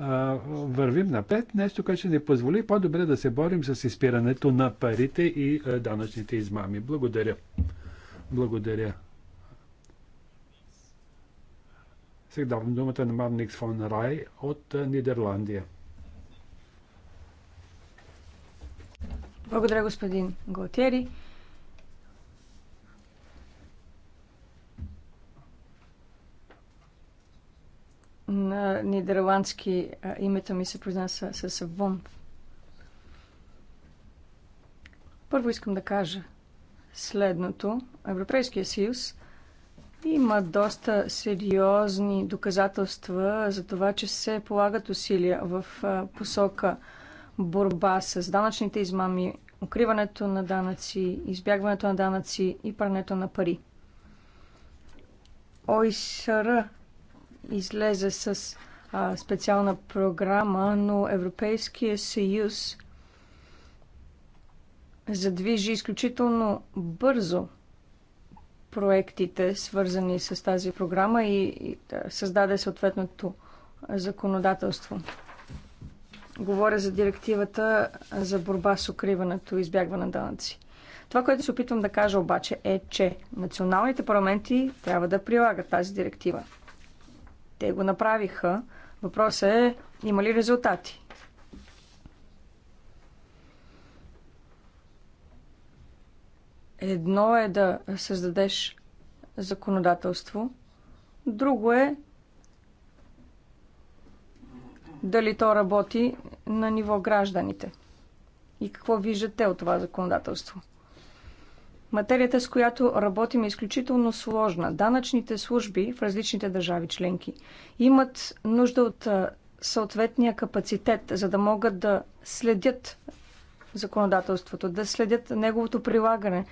а, вървим напред, нещо, което ще ни позволи по-добре да се борим с изпирането на парите и а, данъчните измами. Благодаря. Благодаря. Сега давам думата на Марникс фон Рай от Нидерландия. Благодаря, господин Галтери. На нидерландски името ми се произнася с Вон. Първо искам да кажа следното. Европейския съюз има доста сериозни доказателства за това, че се полагат усилия в посока борба с данъчните измами, укриването на данъци, избягването на данъци и прането на пари. ОИСР излезе с а, специална програма, но Европейския съюз задвижи изключително бързо проектите, свързани с тази програма и, и да, създаде съответното законодателство. Говоря за директивата за борба с укриването и избягване на данъци. Това, което се опитвам да кажа обаче е, че националните парламенти трябва да прилагат тази директива. Те го направиха. Въпросът е, има ли резултати? Едно е да създадеш законодателство, друго е дали то работи на ниво гражданите и какво виждат те от това законодателство. Материята, с която работим, е изключително сложна. Данъчните служби в различните държави членки имат нужда от съответния капацитет, за да могат да следят законодателството, да следят неговото прилагане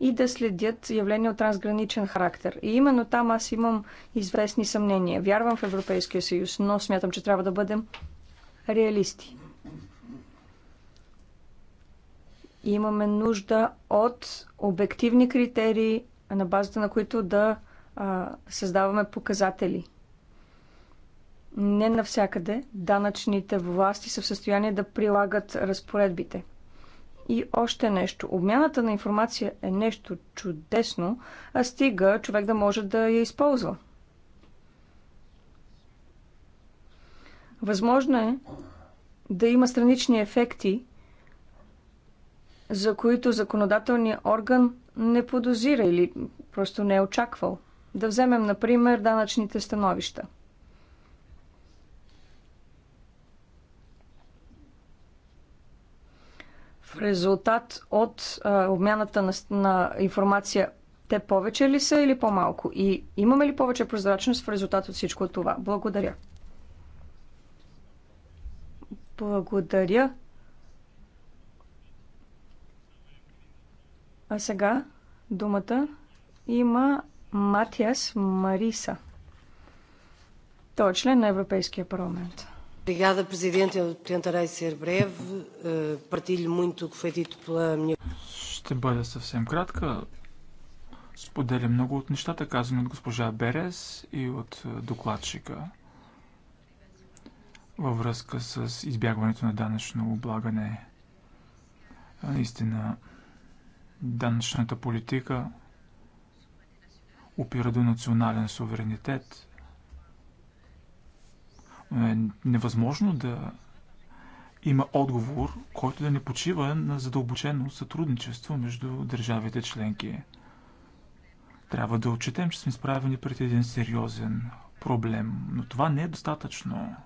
и да следят явления от трансграничен характер. И именно там аз имам известни съмнения. Вярвам в Европейския съюз, но смятам, че трябва да бъдем реалисти. имаме нужда от обективни критерии, на базата на които да а, създаваме показатели. Не навсякъде данъчните власти са в състояние да прилагат разпоредбите. И още нещо. Обмяната на информация е нещо чудесно, а стига човек да може да я използва. Възможно е да има странични ефекти, за които законодателният орган не подозира или просто не е очаквал. Да вземем, например, данъчните становища – в резултат от а, обмяната на, на информация, те повече ли са или по-малко? И имаме ли повече прозрачност в резултат от всичко това? Благодаря. Благодаря. А сега думата има Матиас Мариса. Той е член на Европейския парламент. Obrigada, Presidente. Eu tentarei ser breve. Eh, partilho muito o que foi dito pela minha... Ще бъда съвсем кратка. Споделя много от нещата, казани от госпожа Берес и от е, докладчика във връзка с избягването на данъчно облагане. Наистина, данъчната политика опира до национален суверенитет – е невъзможно да има отговор, който да не почива на задълбочено сътрудничество между държавите членки. Трябва да отчетем, че сме справени пред един сериозен проблем, но това не е достатъчно.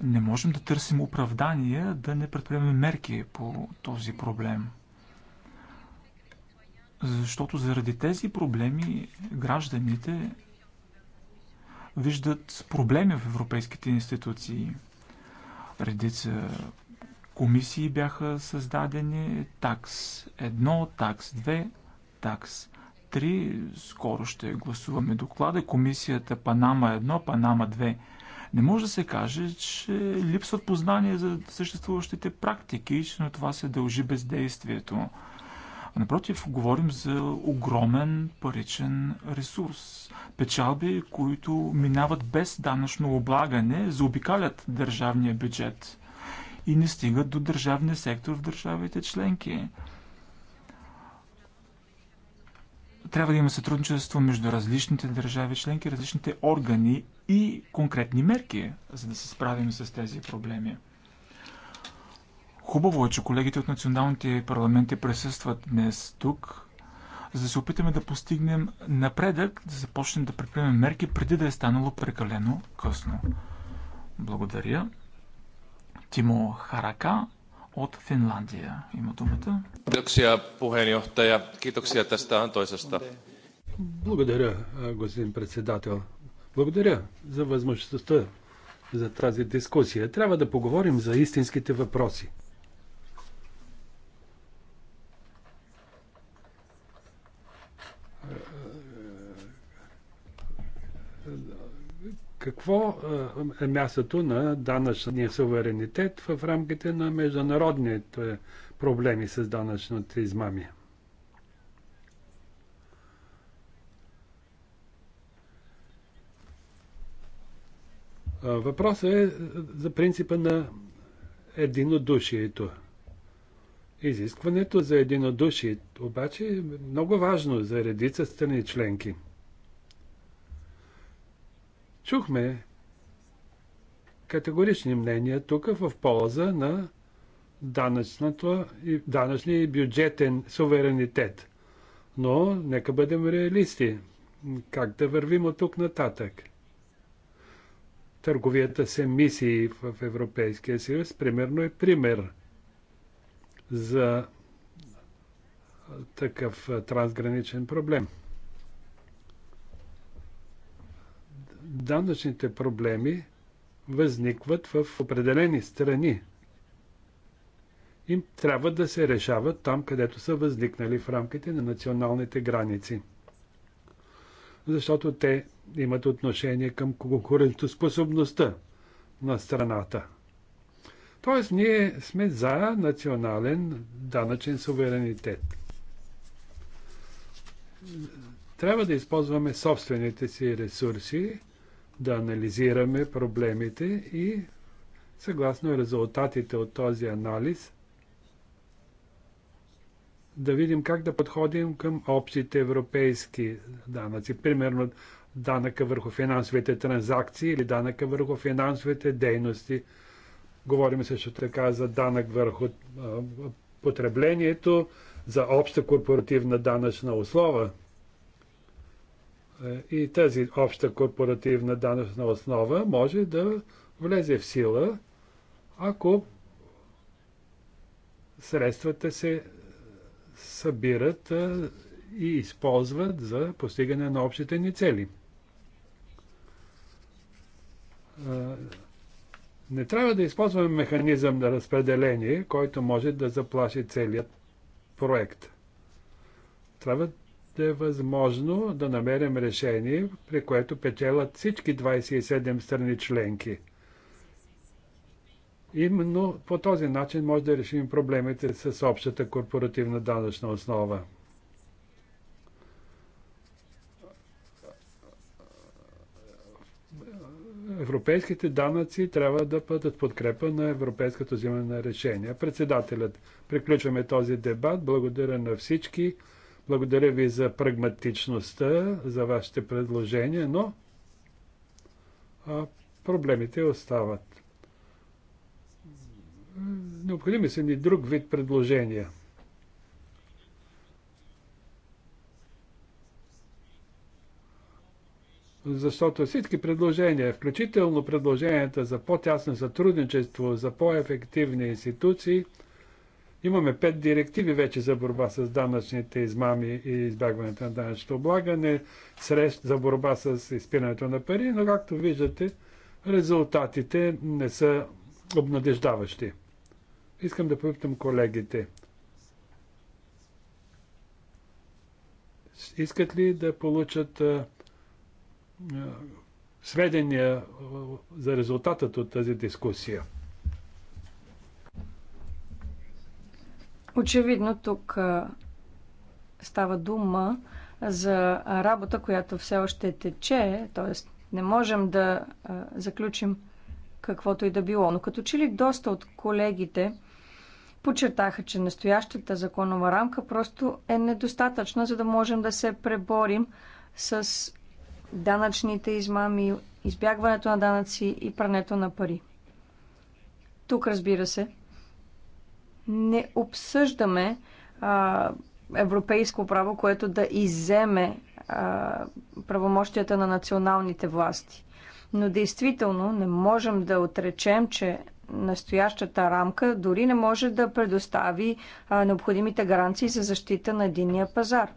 Не можем да търсим оправдания да не предприемем мерки по този проблем. Защото заради тези проблеми гражданите виждат проблеми в европейските институции. Редица комисии бяха създадени такс 1, такс 2, такс 3. Скоро ще гласуваме доклада. Комисията Панама 1, Панама 2. Не може да се каже, че липсват познания за съществуващите практики, че на това се дължи бездействието. А ами, напротив, говорим за огромен паричен ресурс. Печалби, които минават без данъчно облагане, заобикалят държавния бюджет и не стигат до държавния сектор в държавите членки. Трябва да има сътрудничество между различните държави членки, различните органи и конкретни мерки, за да се справим с тези проблеми. Хубаво е, че колегите от националните парламенти присъстват днес тук, за да се опитаме да постигнем напредък, да започнем да предприемем мерки преди да е станало прекалено късно. Благодаря. Тимо Харака от Финландия има думата. Благодаря, господин председател. Благодаря за възможността за тази дискусия. Трябва да поговорим за истинските въпроси. Какво е, е мястото на данъчния суверенитет в рамките на международните проблеми с данъчната измами? Въпросът е, е за принципа на единодушието. Изискването за единодушие обаче е много важно за редица страни членки. Чухме категорични мнения тук в полза на данъчната и данъчния и бюджетен суверенитет. Но нека бъдем реалисти. Как да вървим от тук нататък? Търговията с емисии в Европейския съюз, примерно, е пример за такъв трансграничен проблем. данъчните проблеми възникват в определени страни им трябва да се решават там, където са възникнали в рамките на националните граници. Защото те имат отношение към конкурентоспособността на страната. Тоест, ние сме за национален данъчен суверенитет. Трябва да използваме собствените си ресурси да анализираме проблемите и съгласно резултатите от този анализ да видим как да подходим към общите европейски данъци. Примерно данъка върху финансовите транзакции или данъка върху финансовите дейности. Говорим също така за данък върху потреблението, за обща корпоративна данъчна услова – е, и тази обща корпоративна данъчна основа може да влезе в сила, ако средствата се събират е, и използват за постигане на общите ни цели. Е, не трябва да използваме механизъм на разпределение, който може да заплаши целият проект. Трябва е възможно да намерим решение, при което печелят всички 27 страни членки. Именно по този начин може да решим проблемите с общата корпоративна данъчна основа. Европейските данъци трябва да бъдат подкрепа на европейското взимане на решения. Председателят, приключваме този дебат. Благодаря на всички. Благодаря ви за прагматичността, за вашите предложения, но а, проблемите остават. Необходими са ни друг вид предложения. Защото всички предложения, включително предложенията за по-тясно сътрудничество, за по-ефективни институции – Имаме пет директиви вече за борба с данъчните измами и избягването на данъчното облагане, срещ за борба с изпирането на пари, но както виждате, резултатите не са обнадеждаващи. Искам да попитам колегите. Искат ли да получат а, а, сведения за резултатът от тази дискусия? Очевидно тук става дума за работа, която все още тече, т.е. не можем да заключим каквото и да било. Но като че ли доста от колегите подчертаха, че настоящата законова рамка просто е недостатъчна, за да можем да се преборим с данъчните измами, избягването на данъци и прането на пари. Тук, разбира се, не обсъждаме а, европейско право, което да иземе а, правомощията на националните власти. Но действително не можем да отречем, че настоящата рамка дори не може да предостави а, необходимите гаранции за защита на единния пазар.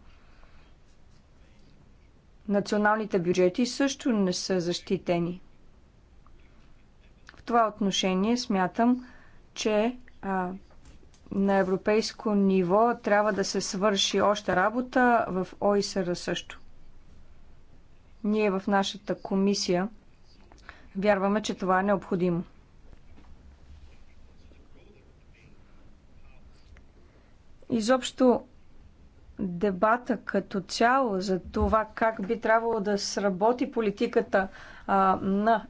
Националните бюджети също не са защитени. В това отношение смятам, че а, на европейско ниво трябва да се свърши още работа в ОИСР също. Ние в нашата комисия вярваме, че това е необходимо. Изобщо дебата като цяло за това как би трябвало да сработи политиката а, на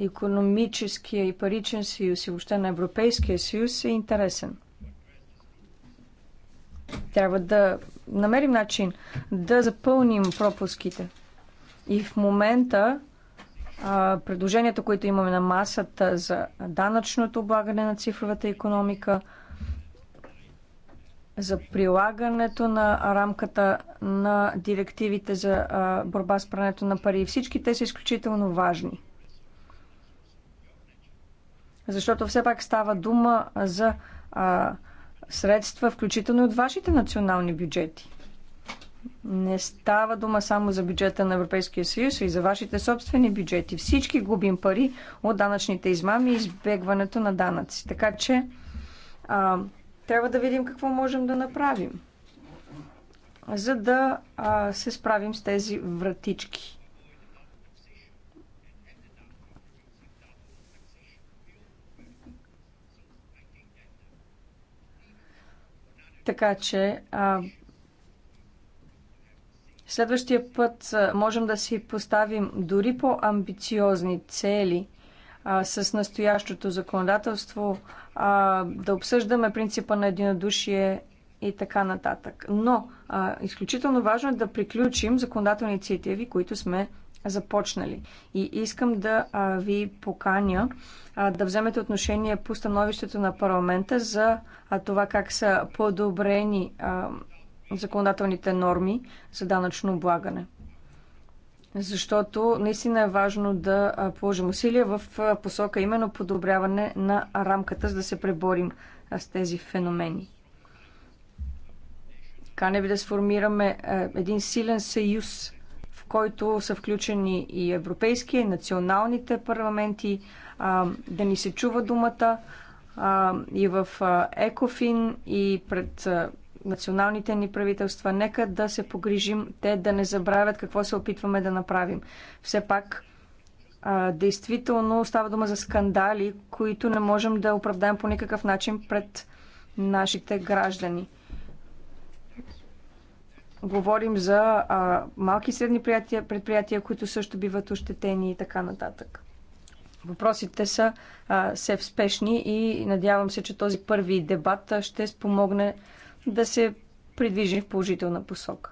економическия и паричен съюз и въобще на Европейския съюз е интересен. Трябва да намерим начин да запълним пропуските. И в момента а, предложенията, които имаме на масата за данъчното облагане на цифровата економика, за прилагането на рамката на директивите за а, борба с прането на пари. Всички те са изключително важни. Защото все пак става дума за а, средства, включително и от вашите национални бюджети. Не става дума само за бюджета на Европейския съюз, а и за вашите собствени бюджети. Всички губим пари от данъчните измами и избегването на данъци. Така че а, трябва да видим какво можем да направим, за да а, се справим с тези вратички. Така че а, следващия път можем да си поставим дори по-амбициозни цели а, с настоящото законодателство, а, да обсъждаме принципа на единодушие и така нататък. Но а, изключително важно е да приключим законодателни инициативи, които сме започнали. И искам да а, ви поканя а, да вземете отношение по становището на парламента за а, това как са подобрени а, законодателните норми за данъчно облагане. Защото наистина е важно да положим усилия в посока именно подобряване на рамката, за да се преборим с тези феномени. Кане ви да сформираме един силен съюз който са включени и европейския, и националните парламенти, а, да ни се чува думата а, и в а, ЕКОФИН, и пред а, националните ни правителства. Нека да се погрижим те да не забравят какво се опитваме да направим. Все пак, а, действително става дума за скандали, които не можем да оправдаем по никакъв начин пред нашите граждани. Говорим за а, малки и средни предприятия, предприятия, които също биват ощетени и така нататък. Въпросите са а, все спешни и надявам се, че този първи дебат ще спомогне да се придвижим в положителна посока.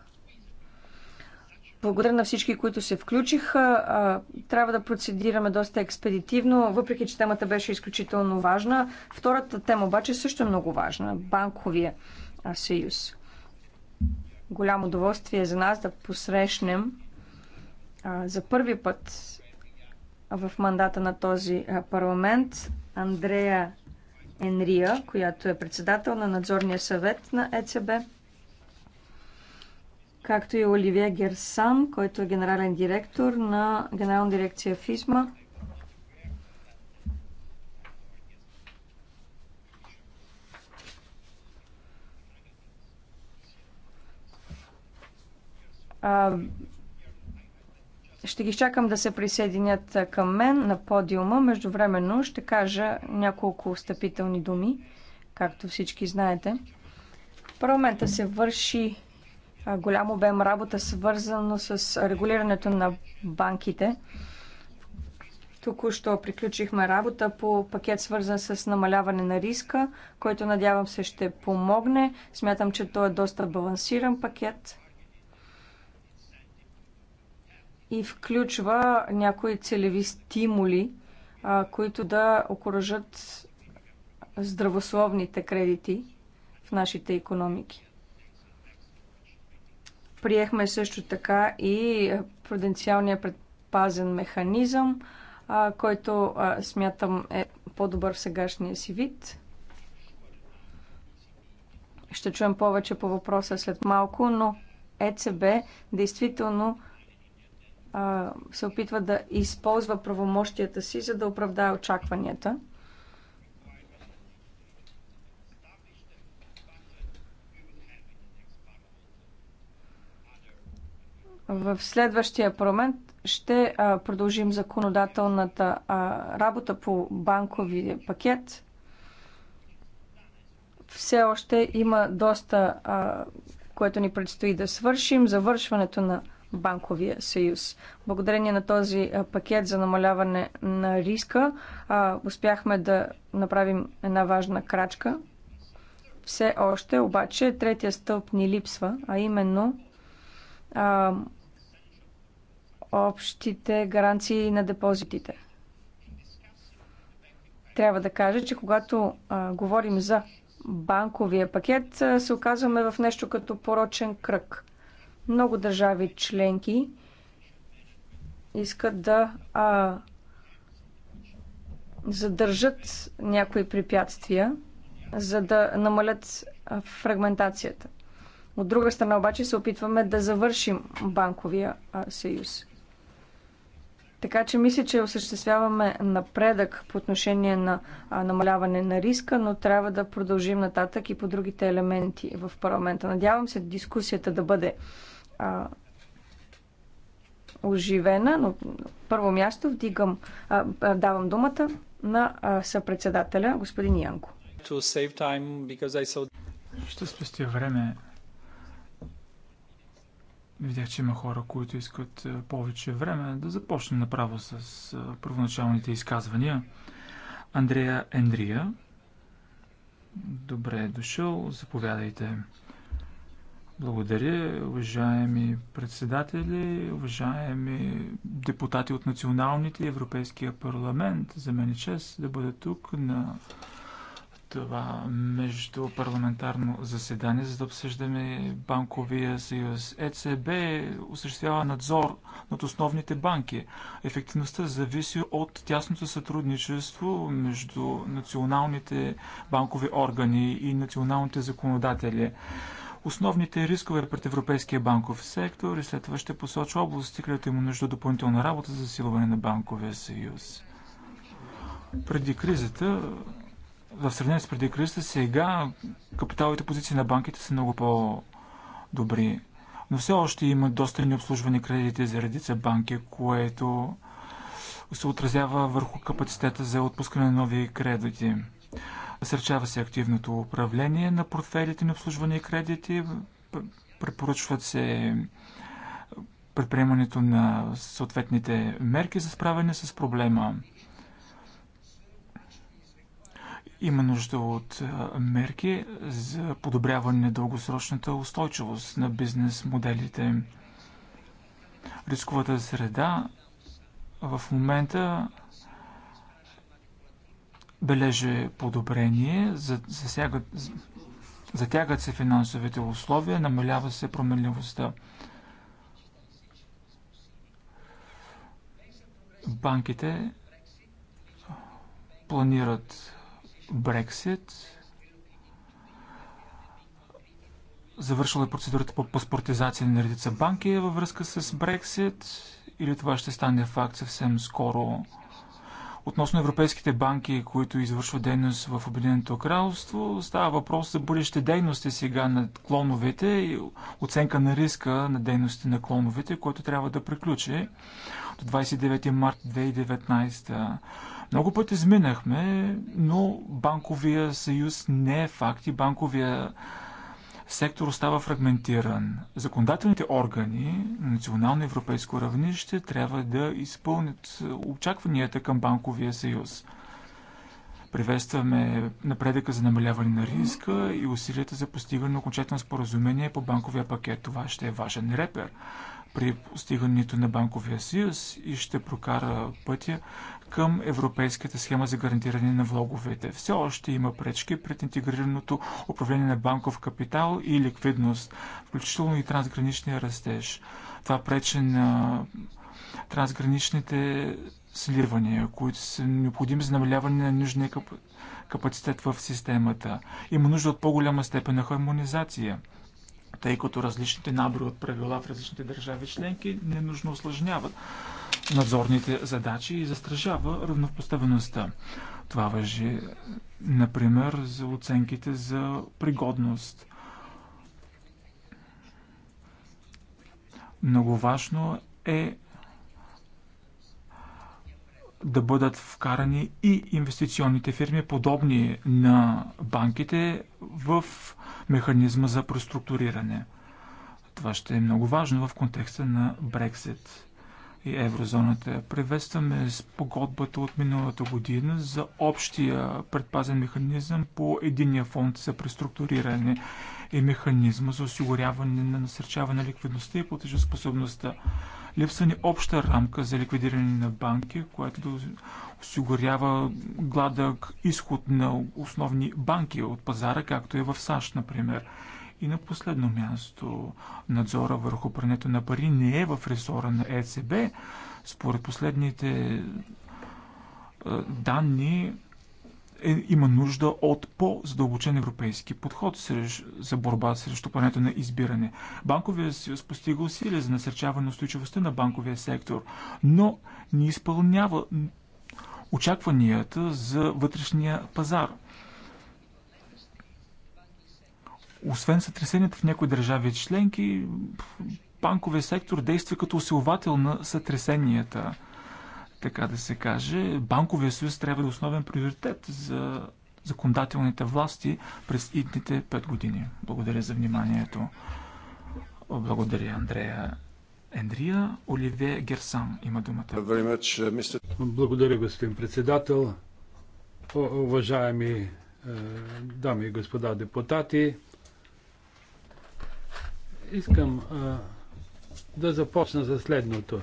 Благодаря на всички, които се включиха. Трябва да процедираме доста експедитивно, въпреки че темата беше изключително важна. Втората тема обаче е също е много важна банковия съюз голямо удоволствие за нас да посрещнем а, за първи път в мандата на този парламент Андрея Енрия, която е председател на надзорния съвет на ЕЦБ, както и Оливия Герсам, който е генерален директор на Генерална дирекция ФИСМА Ще ги чакам да се присъединят към мен на подиума. Междувременно ще кажа няколко встъпителни думи, както всички знаете. В парламента се върши голям обем работа, свързано с регулирането на банките. Току-що приключихме работа по пакет, свързан с намаляване на риска, който надявам се ще помогне. Смятам, че той е доста балансиран пакет и включва някои целеви стимули, а, които да окоръжат здравословните кредити в нашите економики. Приехме също така и пруденциалния предпазен механизъм, а, който а, смятам е по-добър в сегашния си вид. Ще чуем повече по въпроса след малко, но ЕЦБ действително се опитва да използва правомощията си, за да оправдае очакванията. В следващия парламент ще продължим законодателната работа по банковия пакет. Все още има доста, което ни предстои да свършим. Завършването на банковия съюз. Благодарение на този пакет за намаляване на риска успяхме да направим една важна крачка. Все още обаче третия стълб ни липсва, а именно а, общите гаранции на депозитите. Трябва да кажа, че когато а, говорим за банковия пакет, се оказваме в нещо като порочен кръг – много държави членки искат да а, задържат някои препятствия, за да намалят фрагментацията. От друга страна обаче се опитваме да завършим банковия съюз. Така че мисля, че осъществяваме напредък по отношение на намаляване на риска, но трябва да продължим нататък и по другите елементи в парламента. Надявам се дискусията да бъде а, оживена, но първо място вдигам, а, давам думата на а, съпредседателя господин Янко. Saw... Ще спести време. Видях, че има хора, които искат повече време. Да започнем направо с първоначалните изказвания. Андрея Ендрия. Добре е дошъл. Заповядайте. Благодаря, уважаеми председатели, уважаеми депутати от националните и Европейския парламент. За мен е чест да бъда тук на това междупарламентарно заседание, за да обсъждаме банковия съюз. ЕЦБ осъществява надзор над основните банки. Ефективността зависи от тясното сътрудничество между националните банкови органи и националните законодатели основните рискове пред Европейския банков сектор и след това ще посоча области, където има нужда допълнителна работа за засилване на банковия съюз. Преди кризата, в сравнение с преди кризата, сега капиталовите позиции на банките са много по-добри. Но все още има доста необслужвани кредити за редица банки, което се отразява върху капацитета за отпускане на нови кредити. Насърчава се активното управление на портфелите на обслужване и кредити. Препоръчват се предприемането на съответните мерки за справяне с проблема. Има нужда от мерки за подобряване на дългосрочната устойчивост на бизнес моделите. Рисковата среда в момента бележи подобрение, засягат, затягат се финансовите условия, намалява се променливостта. Банките планират Брексит. Завършила е процедурата по паспортизация на редица банки във връзка с Брексит или това ще стане факт съвсем скоро? Относно европейските банки, които извършват дейност в Обединеното кралство, става въпрос за бъдещите дейности сега на клоновете и оценка на риска на дейности на клоновете, което трябва да приключи до 29 март 2019. Много пъти изминахме, но банковия съюз не е факт и банковия сектор остава фрагментиран. Законодателните органи на национално европейско равнище трябва да изпълнят очакванията към банковия съюз. Приветстваме напредъка за намаляване на риска и усилията за постигане на окончателно споразумение по банковия пакет. Това ще е важен репер при постигането на банковия съюз и ще прокара пътя към Европейската схема за гарантиране на влоговете. Все още има пречки пред интегрираното управление на банков капитал и ликвидност, включително и трансграничния растеж. Това пречи на трансграничните сливания, които са необходими за намаляване на нужния капацитет в системата. Има нужда от по-голяма степен на хармонизация тъй като различните набори от правила в различните държави членки ненужно осложняват надзорните задачи и застрашава равнопоставеността. Това въжи, например, за оценките за пригодност. Много важно е да бъдат вкарани и инвестиционните фирми, подобни на банките, в механизма за преструктуриране. Това ще е много важно в контекста на Брексит и еврозоната. Приветстваме спогодбата от миналата година за общия предпазен механизъм по единия фонд за преструктуриране и механизма за осигуряване на насърчаване на ликвидността и платежоспособността. Липса ни обща рамка за ликвидиране на банки, която да осигурява гладък изход на основни банки от пазара, както е в САЩ, например. И на последно място, надзора върху прането на пари не е в ресора на ЕЦБ. Според последните е, данни е, има нужда от по-задълбочен европейски подход срещ, за борба срещу прането на избиране. Банковия съюз постига усилия за насърчаване на устойчивостта на банковия сектор, но не изпълнява очакванията за вътрешния пазар – Освен сътресенията в някои държави членки, банковия сектор действа като усилвател на сътресенията, така да се каже. Банковия съюз трябва да е основен приоритет за законодателните власти през идните пет години. Благодаря за вниманието. Благодаря, Андрея Ендрия. Оливе Герсан има думата. Uh, Благодаря, господин председател. Уважаеми е, дами и господа депутати, Искам а, да започна за следното.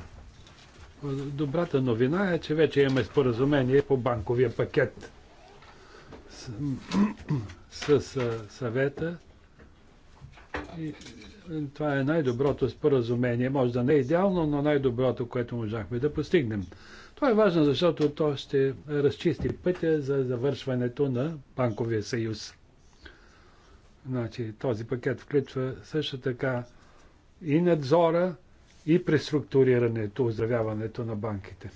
Добрата новина е, че вече имаме споразумение по банковия пакет с, с, съвета. И, е, това е най-доброто споразумение. Може да не е идеално, но най-доброто, което можахме да постигнем. Това е важно, защото то ще разчисти пътя за завършването на банковия съюз. Значи, този пакет включва също така и надзора, и преструктурирането, оздравяването на банките.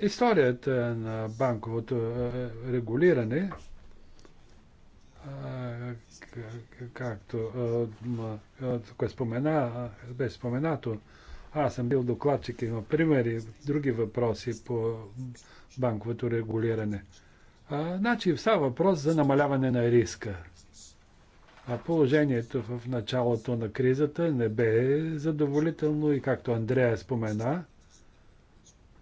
Историята на банковото е, регулиране, е, както е, кое спомена, бе споменато, аз съм бил докладчик, има примери, други въпроси по банковото регулиране – а, значи става въпрос за намаляване на риска. А положението в началото на кризата не бе задоволително и както Андрея спомена,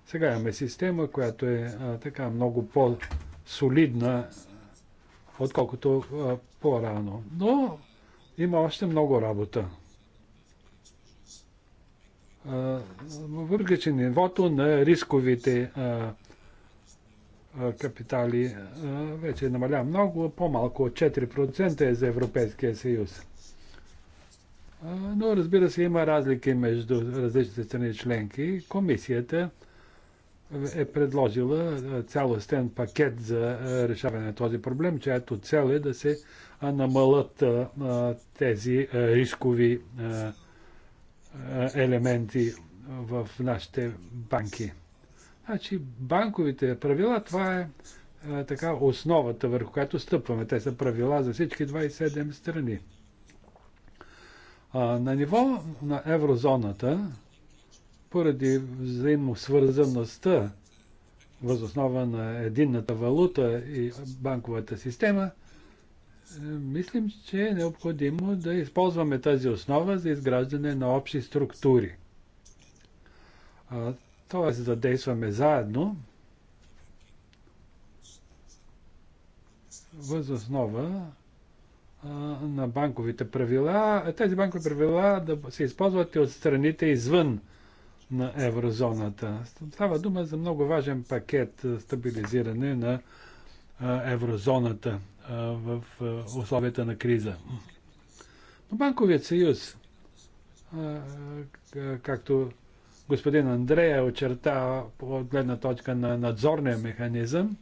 сега имаме система, която е а, така много по-солидна, отколкото по-рано. Но има още много работа. Въпреки, че нивото на рисковите а, капитали вече намаля много, по-малко от 4% е за Европейския съюз. Но разбира се, има разлики между различните страни членки. Комисията е предложила цялостен пакет за решаване на този проблем, чиято цел е да се намалят тези рискови елементи в нашите банки. Значи банковите правила, това е а, е, така основата, върху която стъпваме. Те са правила за всички 27 страни. А, на ниво на еврозоната, поради взаимосвързаността възоснова на единната валута и банковата система, е, мислим, че е необходимо да използваме тази основа за изграждане на общи структури. Тоест да действаме заедно въз основа на банковите правила. Тези банкови правила да се използват и от страните извън на еврозоната. Става дума за много важен пакет стабилизиране на еврозоната в условията на криза. Но банковият съюз, както Господин Андрея очертава от гледна точка на надзорния механизъм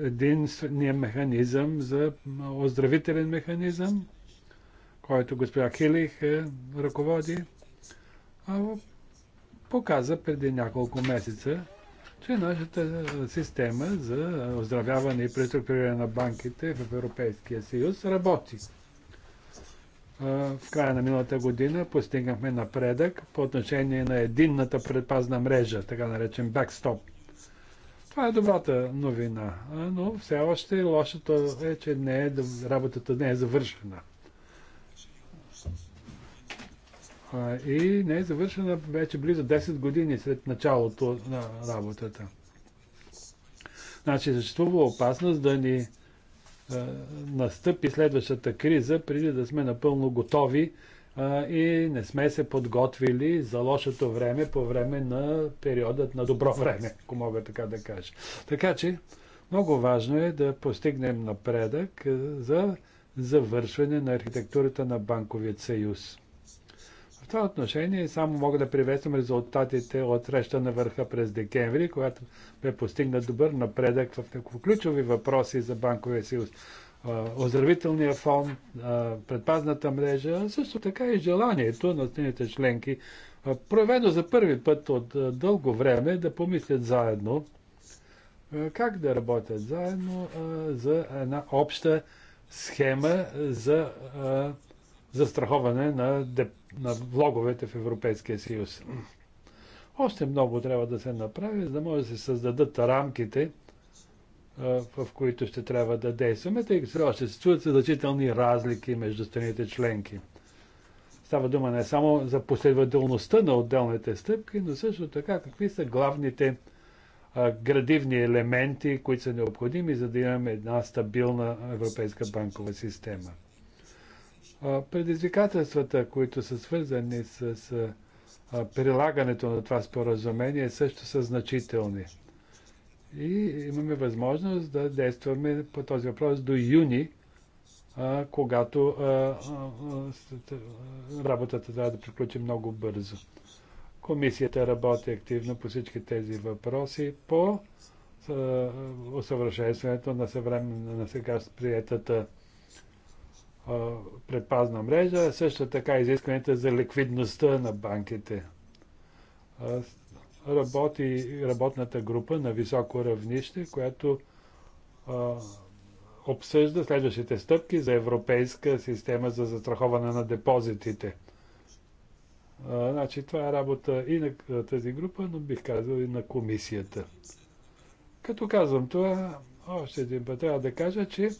единствения механизъм за оздравителен механизъм, който господин Хилих е, ръководи, а показа преди няколко месеца, че нашата система за оздравяване и преструктуриране на банките в Европейския съюз работи в края на миналата година постигнахме напредък по отношение на единната предпазна мрежа, така наречен бекстоп. Това е добрата новина, но все още лошото е, че не е, работата не е завършена. И не е завършена вече близо 10 години след началото на работата. Значи съществува опасност да ни настъпи следващата криза, преди да сме напълно готови и не сме се подготвили за лошото време по време на периодът на добро време, ако мога така да кажа. Така че много важно е да постигнем напредък за завършване на архитектурата на Банковият съюз това отношение само мога да приветствам резултатите от среща на върха през декември, когато бе постигнат добър напредък в ключови въпроси за банковия съюз. Оздравителния фонд, предпазната мрежа, също така и желанието на страните членки, проявено за първи път от дълго време, да помислят заедно как да работят заедно за една обща схема за застраховане на, деп... на влоговете в Европейския съюз. Още много трябва да се направи, за да може да се създадат рамките, в които ще трябва да действаме, тъй като още се чуват значителни разлики между страните членки. Става дума не само за последователността на отделните стъпки, но също така какви са главните градивни елементи, които са необходими, за да имаме една стабилна европейска банкова система. Предизвикателствата, които са свързани с прилагането на това споразумение, също са значителни. И имаме възможност да действаме по този въпрос до юни, когато работата трябва да приключи много бързо. Комисията работи активно по всички тези въпроси по усъвършенстването на, съвремен, на сега приятата предпазна мрежа, също така изискването за ликвидността на банките. Работи работната група на високо равнище, която обсъжда следващите стъпки за европейска система за застраховане на депозитите. Значи това е работа и на тази група, но бих казал и на комисията. Като казвам това, още един път трябва да кажа, че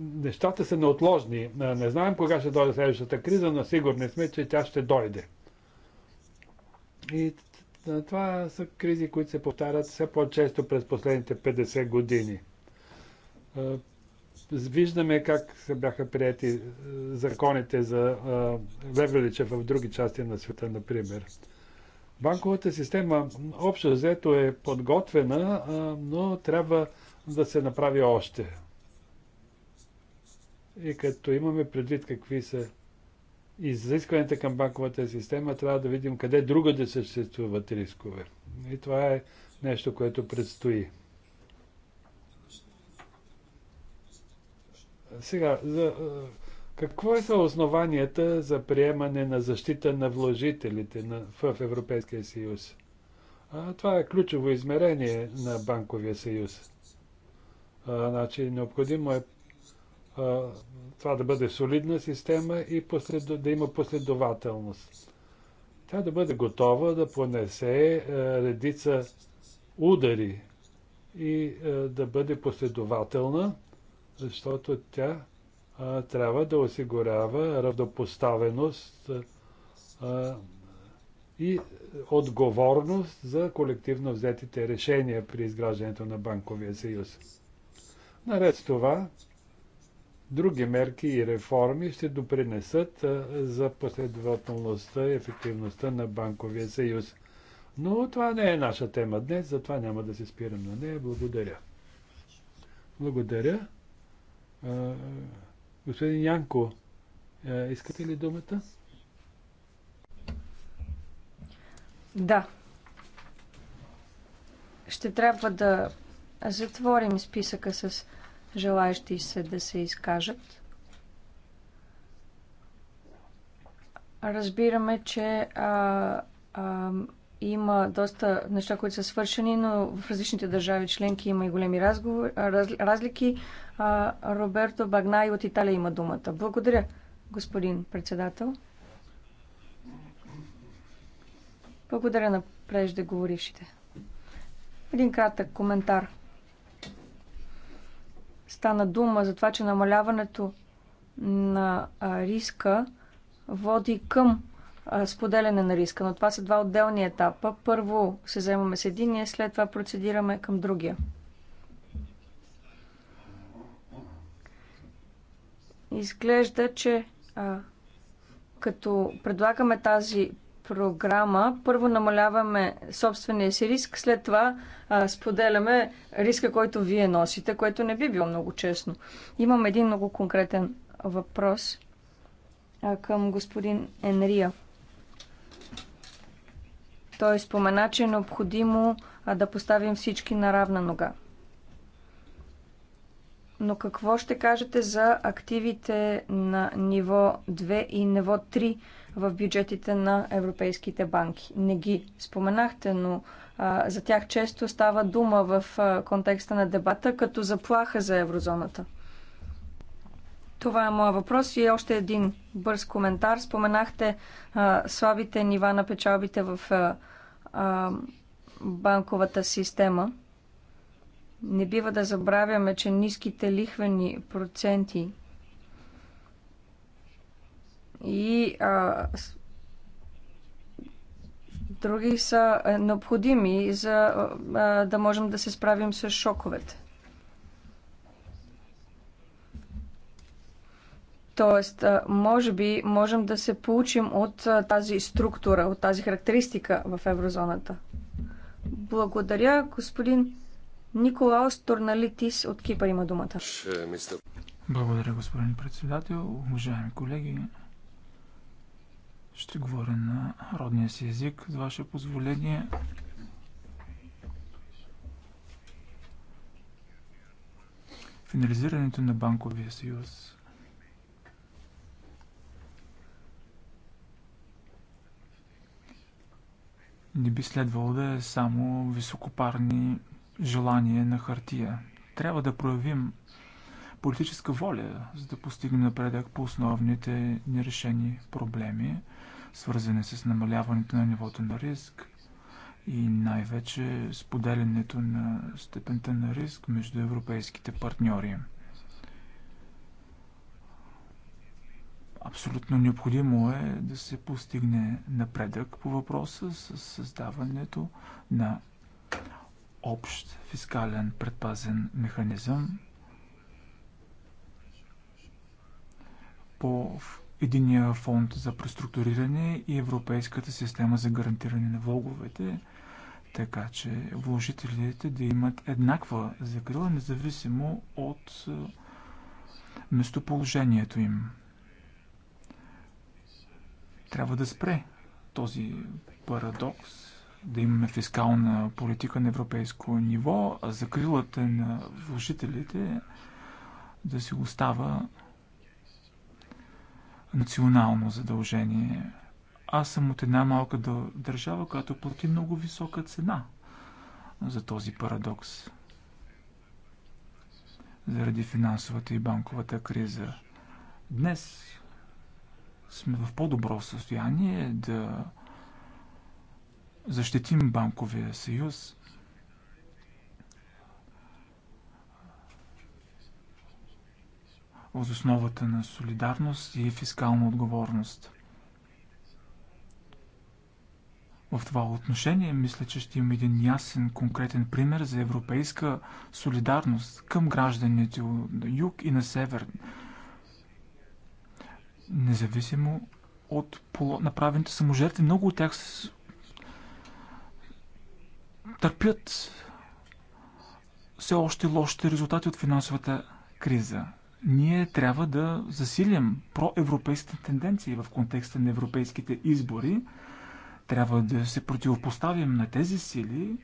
нещата са неотложни. Не знаем кога ще дойде следващата криза, но сигурни сме, че тя ще дойде. И това са кризи, които се повтарят все по-често през последните 50 години. Виждаме как се бяха прияти законите за Левелича в други части на света, например. Банковата система общо взето е подготвена, но трябва да се направи още. И като имаме предвид какви са изискванията към банковата система, трябва да видим къде друга да съществуват рискове. И това е нещо, което предстои. Сега, за, какво е са основанията за приемане на защита на вложителите на, в Европейския съюз? А, това е ключово измерение на банковия съюз. А, значи, необходимо е това да бъде солидна система и послед, да има последователност. Тя да бъде готова да понесе редица удари и да бъде последователна, защото тя трябва да осигурява равнопоставеност и отговорност за колективно взетите решения при изграждането на банковия съюз. Наред с това, други мерки и реформи ще допринесат за последователността и ефективността на банковия съюз. Но това не е наша тема днес, затова няма да се спирам на нея. Благодаря. Благодаря. Господин Янко, искате ли думата? Да. Ще трябва да затворим списъка с желаящи се да се изкажат. Разбираме, че а, а, има доста неща, които са свършени, но в различните държави членки има и големи разговор, раз, разлики. А, Роберто Багнай от Италия има думата. Благодаря, господин председател. Благодаря на преждеговорившите. Един кратък коментар – стана дума за това, че намаляването на риска води към споделяне на риска, но това са два отделни етапа. Първо се заемаме с единия, след това процедираме към другия. Изглежда, че а, като предлагаме тази програма първо намаляваме собствения си риск, след това а, споделяме риска, който вие носите, което не би било много честно. Имам един много конкретен въпрос а, към господин Енрия. Той спомена, че е необходимо а, да поставим всички на равна нога. Но какво ще кажете за активите на ниво 2 и ниво 3 в бюджетите на европейските банки? Не ги споменахте, но а, за тях често става дума в а, контекста на дебата като заплаха за еврозоната. Това е моя въпрос и още един бърз коментар. Споменахте а, слабите нива на печалбите в а, а, банковата система – не бива да забравяме, че ниските лихвени проценти и а, други са е, необходими, за а, да можем да се справим с шоковете. Тоест, може би можем да се получим от тази структура, от тази характеристика в еврозоната. Благодаря, господин Николаос Торналитис от Кипър има думата. Благодаря, господин председател. Уважаеми колеги, ще говоря на родния си език, с ваше позволение. Финализирането на банковия съюз не би следвало да е само високопарни желание на хартия. Трябва да проявим политическа воля, за да постигнем напредък по основните нерешени проблеми, свързани с намаляването на нивото на риск и най-вече споделянето на степента на риск между европейските партньори. Абсолютно необходимо е да се постигне напредък по въпроса с създаването на общ фискален предпазен механизъм по единия фонд за преструктуриране и Европейската система за гарантиране на влоговете, така че вложителите да имат еднаква закрила, независимо от местоположението им. Трябва да спре този парадокс да имаме фискална политика на европейско ниво, а закрилата на вложителите да си остава национално задължение. Аз съм от една малка държава, която плати много висока цена за този парадокс. Заради финансовата и банковата криза. Днес сме в по-добро състояние да защитим банковия съюз, въз основата на солидарност и фискална отговорност. В това отношение мисля, че ще има един ясен, конкретен пример за европейска солидарност към гражданите на юг и на север, независимо от направените саможертви. Много от тях търпят все още лошите резултати от финансовата криза. Ние трябва да засилим проевропейските тенденции в контекста на европейските избори. Трябва да се противопоставим на тези сили,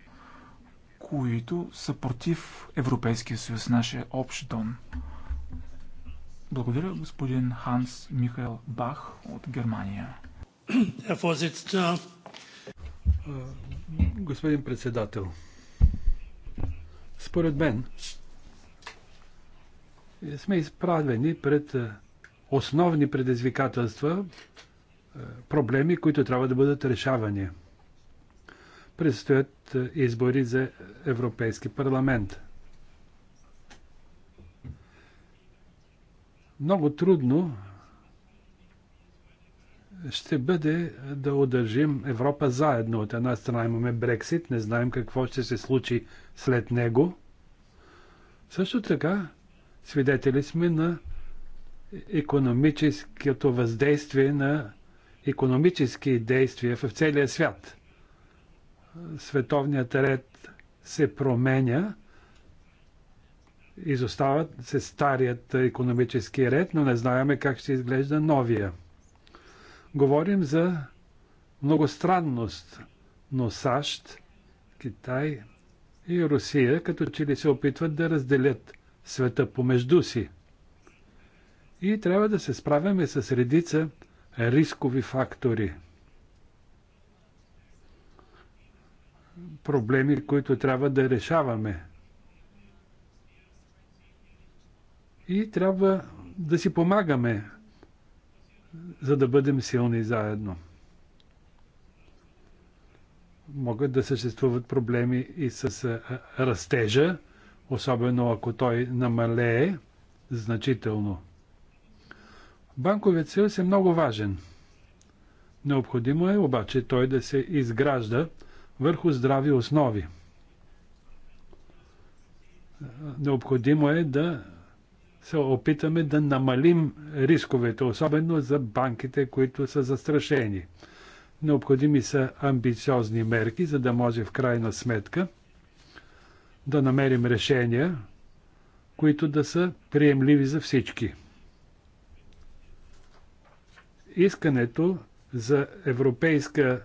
които са против Европейския съюз, нашия общ дом. Благодаря господин Ханс Михаел Бах от Германия. Herr господин председател. Според мен е, сме изправени пред е, основни предизвикателства, е, проблеми, които трябва да бъдат решавани. Предстоят избори за Европейски парламент. Много трудно ще бъде да удържим Европа заедно. От една страна имаме Брексит, не знаем какво ще се случи след него. Също така, свидетели сме на економическото въздействие на економически действия в целия свят. Световният ред се променя, изостават се старият економически ред, но не знаеме как ще изглежда новия – Говорим за многостранност, но САЩ, Китай и Русия като че ли се опитват да разделят света помежду си. И трябва да се справяме с редица рискови фактори. Проблеми, които трябва да решаваме. И трябва да си помагаме за да бъдем силни заедно. Могат да съществуват проблеми и с растежа, особено ако той намалее значително. Банковият съюз е много важен. Необходимо е обаче той да се изгражда върху здрави основи. Необходимо е да се опитаме да намалим рисковете, особено за банките, които са застрашени. Необходими са амбициозни мерки, за да може в крайна сметка да намерим решения, които да са приемливи за всички. Искането за европейска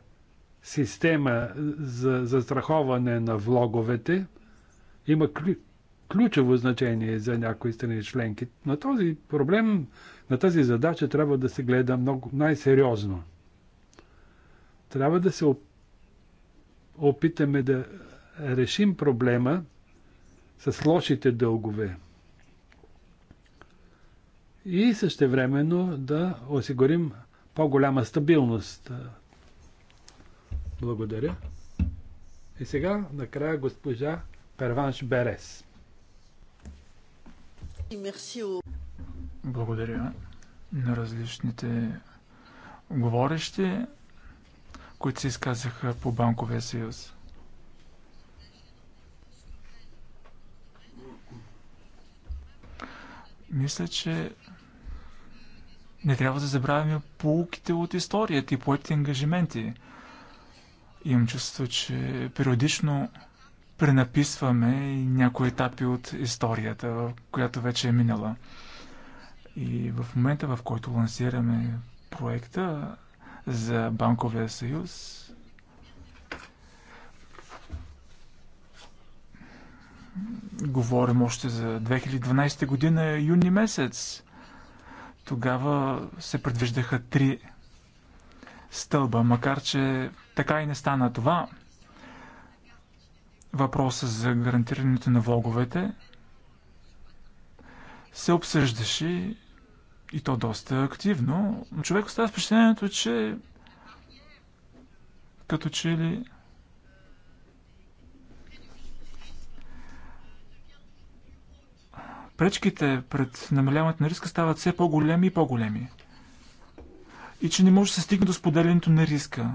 система за застраховане на влоговете има ключово значение за някои страни членки. На този проблем, на тази задача трябва да се гледа много най-сериозно. Трябва да се опитаме да решим проблема с лошите дългове и същевременно да осигурим по-голяма стабилност. Благодаря. И сега накрая госпожа Перванш Берес. Благодаря на различните говорещи, които се изказаха по Банковия съюз. Мисля, че не трябва да забравяме полуките от историята и поетите ангажименти. Имам чувство, че периодично пренаписваме някои етапи от историята, която вече е минала. И в момента, в който лансираме проекта за Банковия съюз, говорим още за 2012 година, юни месец. Тогава се предвиждаха три стълба, макар че така и не стана това – въпроса за гарантирането на влоговете се обсъждаше и то доста активно. Човек остава впечатлението, че като че ли пречките пред намаляването на риска стават все по-големи и по-големи. И че не може да се стигне до споделянето на риска.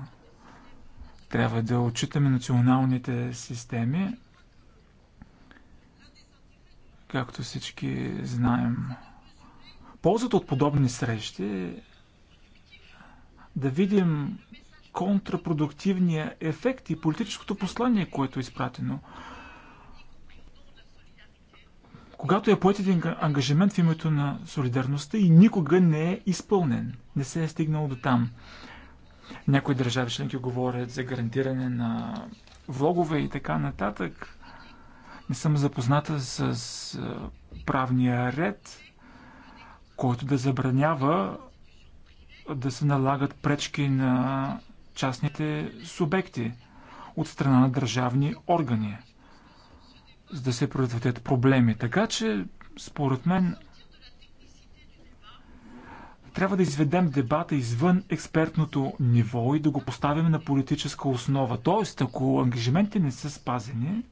Трябва да отчитаме националните системи, както всички знаем. Ползата от подобни срещи е да видим контрапродуктивния ефект и политическото послание, което е изпратено. Когато е поет един ангажимент в името на солидарността и никога не е изпълнен, не се е стигнал до там – някои държави членки говорят за гарантиране на влогове и така нататък. Не съм запозната с правния ред, който да забранява да се налагат пречки на частните субекти от страна на държавни органи, за да се предотвратят проблеми. Така че, според мен, трябва да изведем дебата извън експертното ниво и да го поставим на политическа основа. Тоест, ако ангажиментите не са спазени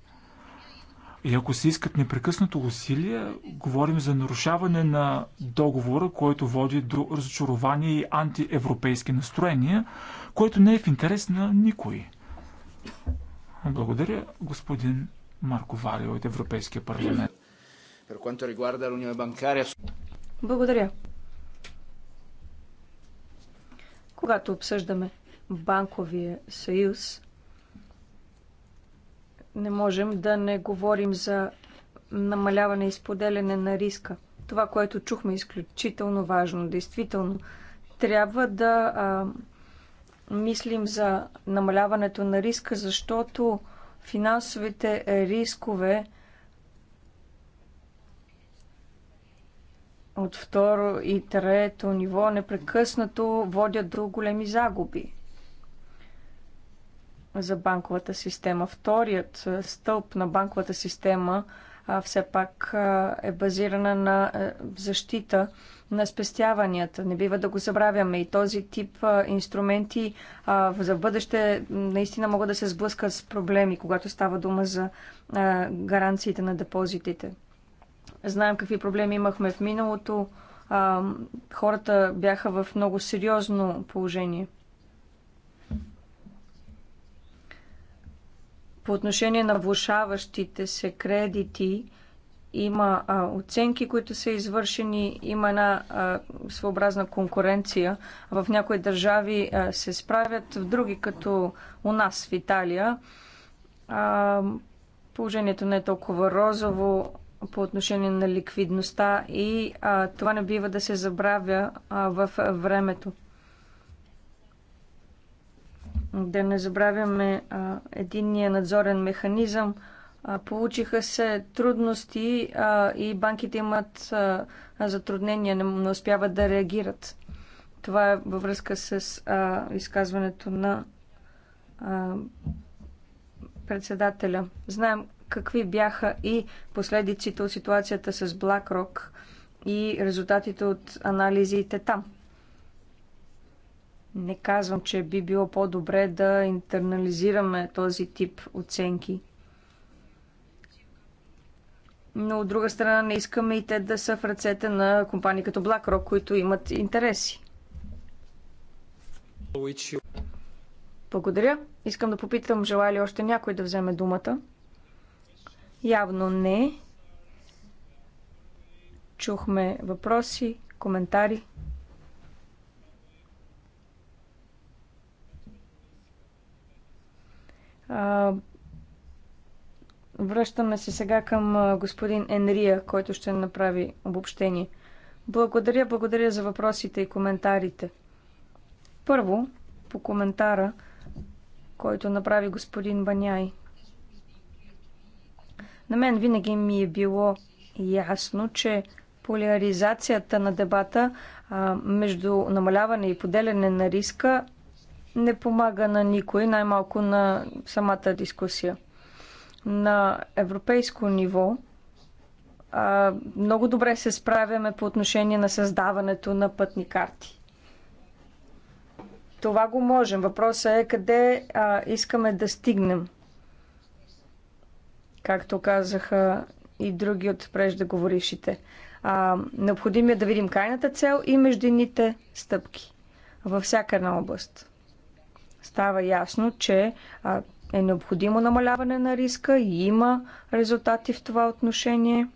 и ако се искат непрекъснато усилия, говорим за нарушаване на договора, който води до разочарование и антиевропейски настроения, което не е в интерес на никой. Благодаря, господин Марко Валио от Европейския парламент. Благодаря. Когато обсъждаме банковия съюз, не можем да не говорим за намаляване и споделяне на риска. Това, което чухме, е изключително важно. Действително, трябва да а, мислим за намаляването на риска, защото финансовите рискове от второ и трето ниво непрекъснато водят до големи загуби за банковата система. Вторият стълб на банковата система все пак е базирана на защита на спестяванията. Не бива да го забравяме. И този тип инструменти за бъдеще наистина могат да се сблъскат с проблеми, когато става дума за гаранциите на депозитите. Знаем какви проблеми имахме в миналото. А, хората бяха в много сериозно положение. По отношение на влушаващите се кредити, има а, оценки, които са извършени, има една а, своеобразна конкуренция. В някои държави а, се справят, в други, като у нас в Италия, а, положението не е толкова розово по отношение на ликвидността и а, това не бива да се забравя а, в времето. Да не забравяме а, единния надзорен механизъм. А, получиха се трудности а, и банките имат а, затруднения, не, не успяват да реагират. Това е във връзка с а, изказването на а, председателя. Знаем какви бяха и последиците от ситуацията с BlackRock и резултатите от анализите там. Не казвам, че би било по-добре да интернализираме този тип оценки. Но от друга страна не искаме и те да са в ръцете на компании като BlackRock, които имат интереси. Благодаря. Искам да попитам, желая ли още някой да вземе думата? Явно не. Чухме въпроси, коментари. А, връщаме се сега към господин Енрия, който ще направи обобщение. Благодаря, благодаря за въпросите и коментарите. Първо, по коментара, който направи господин Баняй на мен винаги ми е било ясно, че поляризацията на дебата а, между намаляване и поделяне на риска не помага на никой, най-малко на самата дискусия. На европейско ниво а, много добре се справяме по отношение на създаването на пътни карти. Това го можем. Въпросът е къде а, искаме да стигнем – както казаха и други от преждеговорившите. А, необходимо е да видим крайната цел и междинните стъпки във всяка една област. Става ясно, че а, е необходимо намаляване на риска и има резултати в това отношение,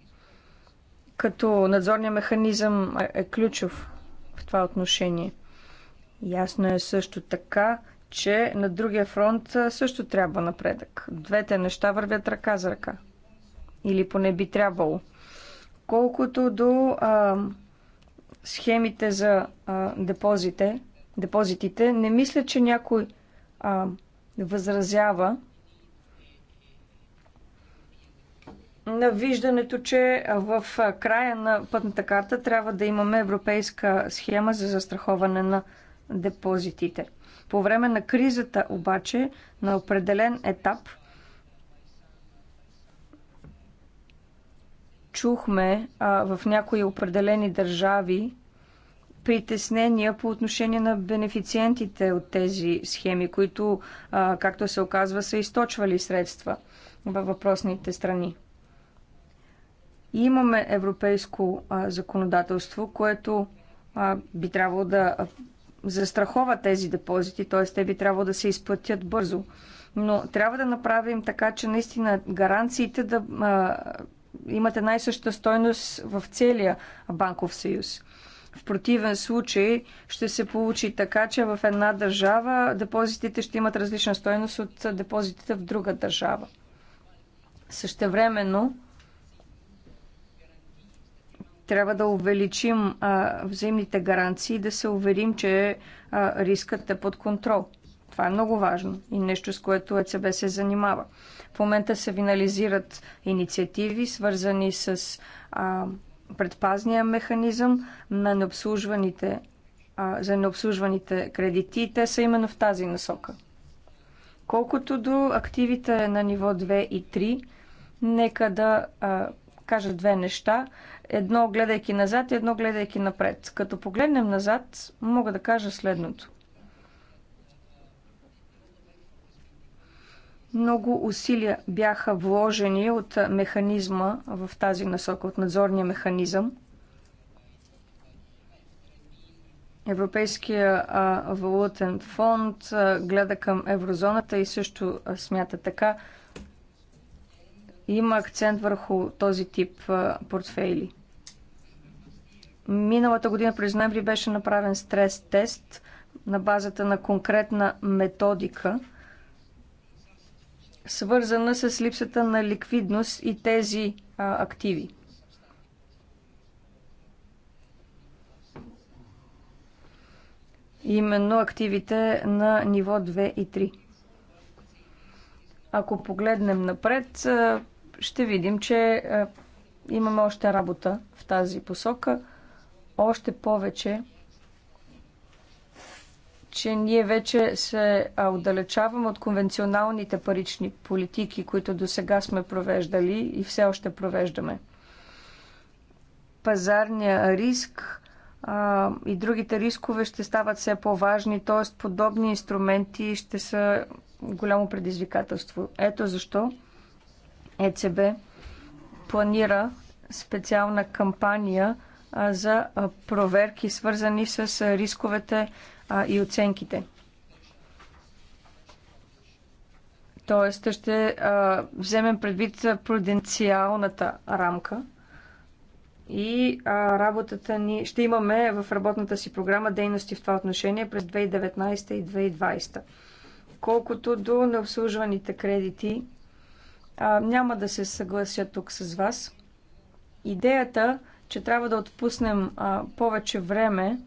като надзорния механизъм е, е ключов в това отношение. Ясно е също така, че на другия фронт също трябва напредък. Двете неща вървят ръка за ръка. Или поне би трябвало. Колкото до а, схемите за а, депозите, депозитите, не мисля, че някой а, възразява на виждането, че в края на пътната карта трябва да имаме европейска схема за застраховане на депозитите. По време на кризата обаче, на определен етап, чухме а, в някои определени държави притеснения по отношение на бенефициентите от тези схеми, които, а, както се оказва, са източвали средства във въпросните страни. И имаме европейско а, законодателство, което а, би трябвало да застраховат тези депозити, т.е. те би трябвало да се изплатят бързо. Но трябва да направим така, че наистина гаранциите да а, имат една и съща стойност в целия банков съюз. В противен случай ще се получи така, че в една държава депозитите ще имат различна стойност от депозитите в друга държава. Същевременно, трябва да увеличим взаимните гаранции и да се уверим, че рискът е под контрол. Това е много важно и нещо, с което ЕЦБ се занимава. В момента се финализират инициативи, свързани с а, предпазния механизъм на необслужваните, а, за необслужваните кредити и те са именно в тази насока. Колкото до активите на ниво 2 и 3, нека да а, кажа две неща едно гледайки назад и едно гледайки напред. Като погледнем назад, мога да кажа следното. Много усилия бяха вложени от механизма в тази насока, от надзорния механизъм. Европейския валутен фонд гледа към еврозоната и също смята така има акцент върху този тип портфейли. Миналата година през ноември беше направен стрес тест на базата на конкретна методика, свързана с липсата на ликвидност и тези а, активи. Именно активите на ниво 2 и 3. Ако погледнем напред, ще видим, че имаме още работа в тази посока – още повече, че ние вече се отдалечаваме от конвенционалните парични политики, които до сега сме провеждали и все още провеждаме. Пазарния риск а, и другите рискове ще стават все по-важни, т.е. подобни инструменти ще са голямо предизвикателство. Ето защо ЕЦБ планира специална кампания – за проверки, свързани с рисковете и оценките. Тоест, ще вземем предвид пруденциалната рамка и работата ни ще имаме в работната си програма дейности в това отношение през 2019 и 2020. Колкото до необслужваните кредити, няма да се съглася тук с вас. Идеята че трябва да отпуснем а, повече време,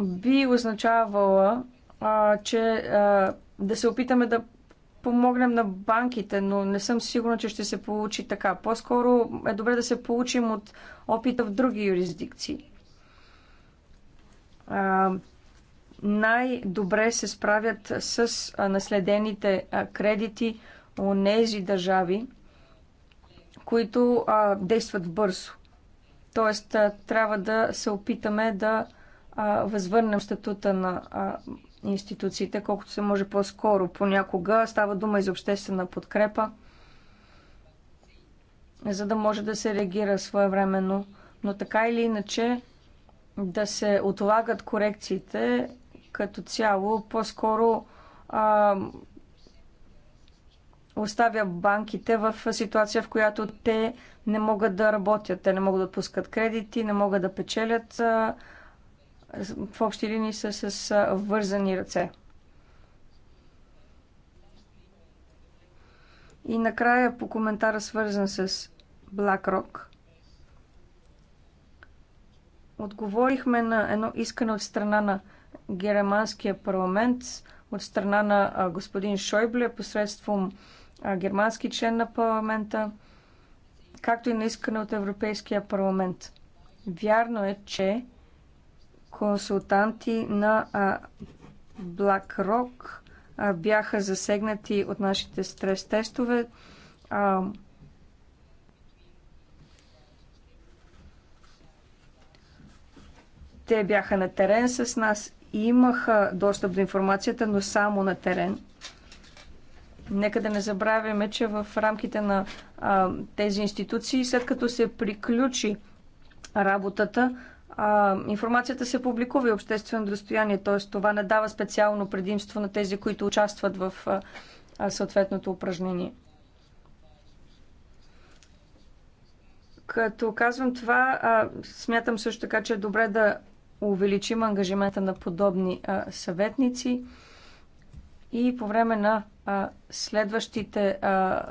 би означавала, а, че а, да се опитаме да помогнем на банките, но не съм сигурна, че ще се получи така. По-скоро е добре да се получим от опита в други юрисдикции. най-добре се справят с наследените кредити у нези държави, които а, действат бързо. Тоест, а, трябва да се опитаме да а, възвърнем статута на а, институциите, колкото се може по-скоро. Понякога става дума и за обществена подкрепа, за да може да се реагира своевременно. Но така или иначе, да се отлагат корекциите като цяло, по-скоро оставя банките в ситуация, в която те не могат да работят, те не могат да отпускат кредити, не могат да печелят. В общи линии са с вързани ръце. И накрая по коментара свързан с BlackRock. Отговорихме на едно искане от страна на германския парламент, от страна на господин Шойбле посредством германски член на парламента, както и на искане от Европейския парламент. Вярно е, че консултанти на BlackRock бяха засегнати от нашите стрес тестове. Те бяха на терен с нас и имаха достъп до информацията, но само на терен. Нека да не забравяме, че в рамките на а, тези институции, след като се приключи работата, а, информацията се публикува и обществено достояние, т.е. това не дава специално предимство на тези, които участват в а, съответното упражнение. Като казвам това, а, смятам също така, че е добре да увеличим ангажимента на подобни а, съветници. И по време на а, следващите а,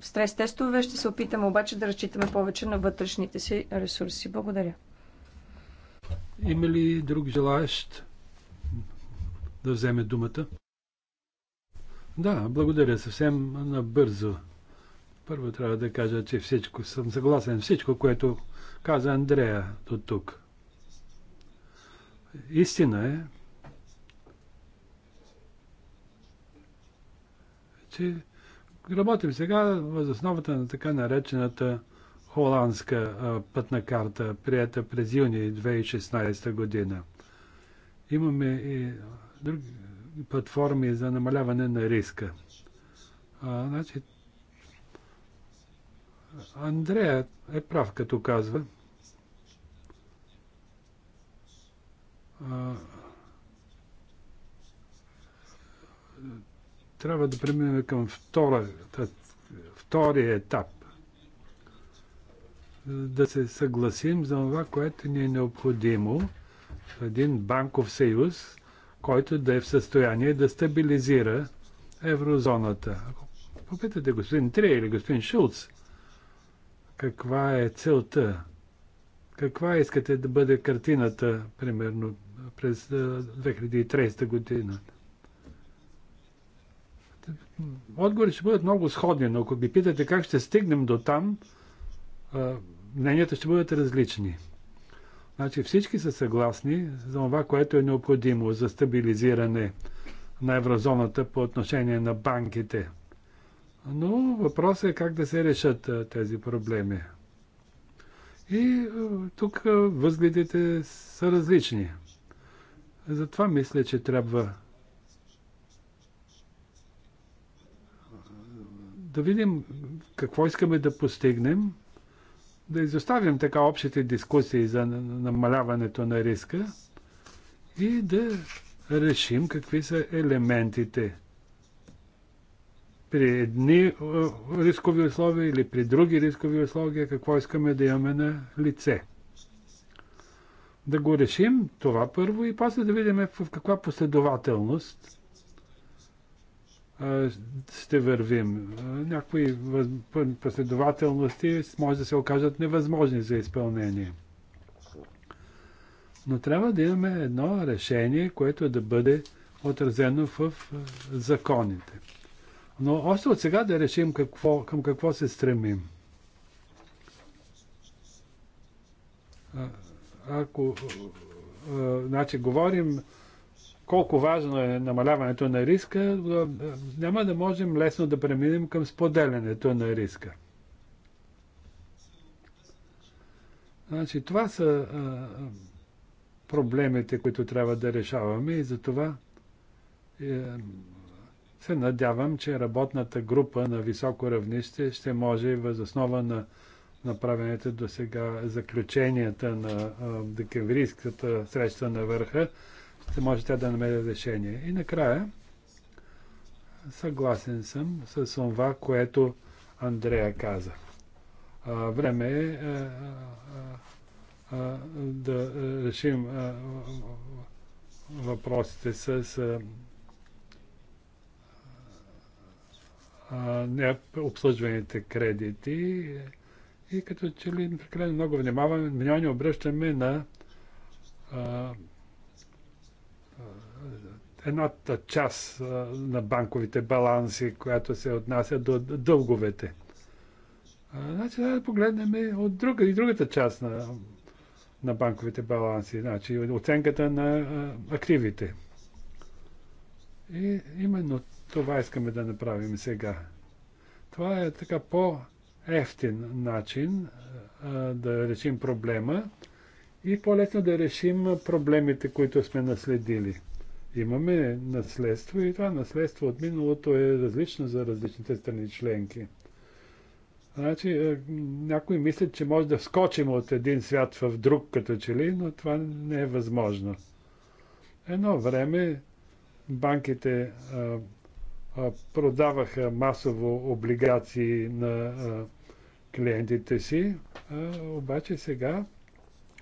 стрес тестове ще се опитаме обаче да разчитаме повече на вътрешните си ресурси. Благодаря. Има ли друг желаещ да вземе думата? Да, благодаря. Съвсем набързо. Първо трябва да кажа, че всичко съм съгласен. Всичко, което каза Андрея до тук. Истина е, че работим сега въз основата на така наречената холандска пътна карта, прията през юни 2016 година. Имаме и други платформи за намаляване на риска. А, значи, Андрея е прав, като казва. А, трябва да преминем към втора, втория етап. Да се съгласим за това, което ни е необходимо един банков съюз, който да е в състояние да стабилизира еврозоната. Ако попитате господин Трия или господин Шулц, каква е целта, каква искате да бъде картината, примерно, през 2030 година – отговори ще бъдат много сходни, но ако ви питате как ще стигнем до там, мненията ще бъдат различни. Значи всички са съгласни за това, което е необходимо за стабилизиране на еврозоната по отношение на банките. Но въпросът е как да се решат тези проблеми. И тук възгледите са различни. Затова мисля, че трябва да видим какво искаме да постигнем, да изоставим така общите дискусии за намаляването на риска и да решим какви са елементите при едни е, рискови условия или при други рискови условия, какво искаме да имаме на лице. Да го решим това първо и после да видим в каква последователност ще вървим. Някои последователности може да се окажат невъзможни за изпълнение. Но трябва да имаме едно решение, което да бъде отразено в законите. Но още от сега да решим какво, към какво се стремим. А, ако а, значи, говорим колко важно е намаляването на риска, няма да можем лесно да преминем към споделянето на риска. Значи, това са а, проблемите, които трябва да решаваме и затова е, се надявам, че работната група на високо равнище ще може възоснова на направените до сега заключенията на декемврийската среща на върха може тя да намери решение. И накрая, съгласен съм с това, което Андрея каза. А, време е а, а, да решим въпросите с не обслужваните кредити и като че ли прекалено много внимаваме, внимание обръщаме на едната част на банковите баланси, която се отнася до дълговете. Значи да погледнем от друга и другата част на, на банковите баланси, значи оценката на активите. И именно това искаме да направим сега. Това е така по-ефтин начин а, да решим проблема и по-лесно да решим проблемите, които сме наследили. Имаме наследство и това наследство от миналото е различно за различните страни членки. Значи, е, някои мислят, че може да вскочим от един свят в друг като че ли, но това не е възможно. Едно време банките а, е, а, е, продаваха масово облигации на а, клиентите си, а, обаче сега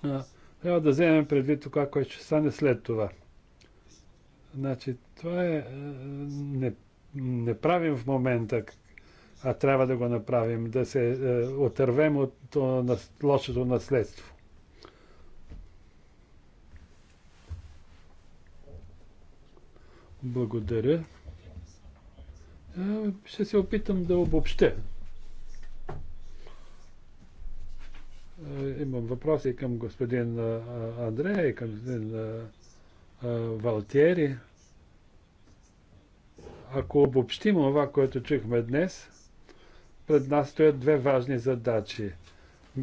а, трябва да вземем предвид това, което ще стане след това. Значи, това е, е, не, не правим в момента, а трябва да го направим, да се е, отървем от то, на, лошото наследство. Благодаря. Ще се опитам да обобщя. Е, имам въпроси към господин Андрея и към господин Валтиери. Ако обобщим това, което чухме днес, пред нас стоят две важни задачи.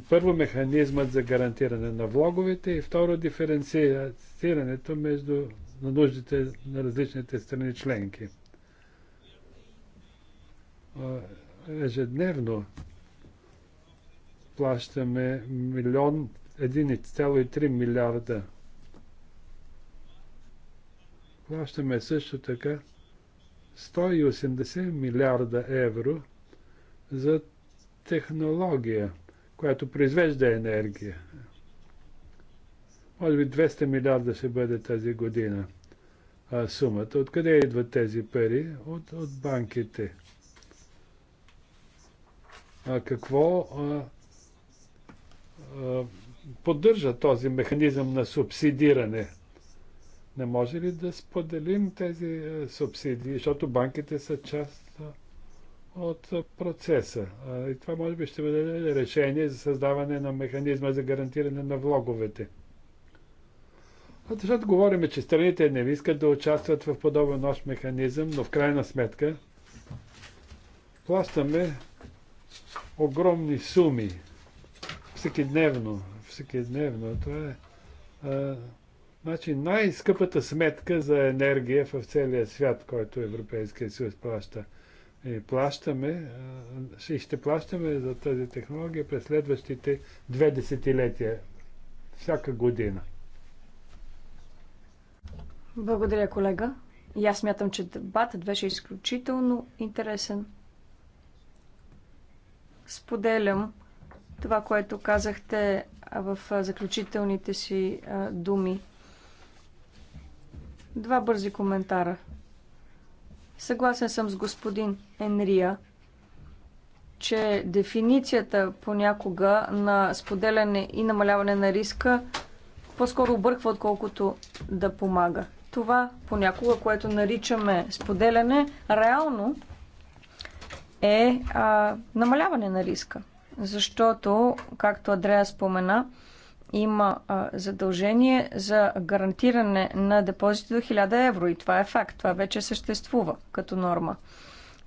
Първо, механизмът за гарантиране на влоговете и второ, диференцирането между на нуждите на различните страни членки. Ежедневно плащаме милион 1,3 милиарда. Плащаме също така 180 милиарда евро за технология, която произвежда енергия. Може би 200 милиарда ще бъде тази година а, сумата. Откъде идват тези пари? От, от банките. А какво а, а, поддържа този механизъм на субсидиране? Не може ли да споделим тези е, субсидии, защото банките са част е, от е, процеса. И това може би ще бъде решение за създаване на механизма за гарантиране на влоговете. А защото говорим, че страните не искат да участват в подобен нощ механизъм, но в крайна сметка плащаме огромни суми всекидневно. дневно Това е Значи най-скъпата сметка за енергия в целия свят, който Европейския съюз плаща. И плащаме, и ще плащаме за тази технология през следващите две десетилетия, всяка година. Благодаря, колега. И аз смятам, че дебатът беше изключително интересен. Споделям това, което казахте в заключителните си думи. Два бързи коментара. Съгласен съм с господин Енрия, че дефиницията понякога на споделяне и намаляване на риска по-скоро обърква, отколкото да помага. Това понякога, което наричаме споделяне, реално е а, намаляване на риска. Защото, както Адрея спомена, има задължение за гарантиране на депозити до 1000 евро и това е факт. Това вече съществува като норма.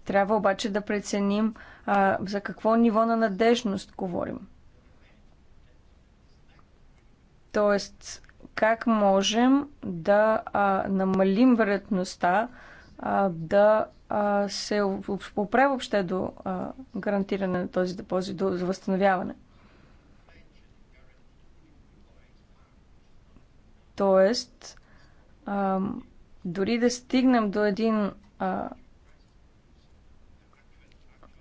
Трябва обаче да преценим а, за какво ниво на надежност говорим. Тоест, как можем да а, намалим вероятността а, да а, се оправя въобще до а, гарантиране на този депозит, до възстановяване. Тоест, дори да стигнем до един а,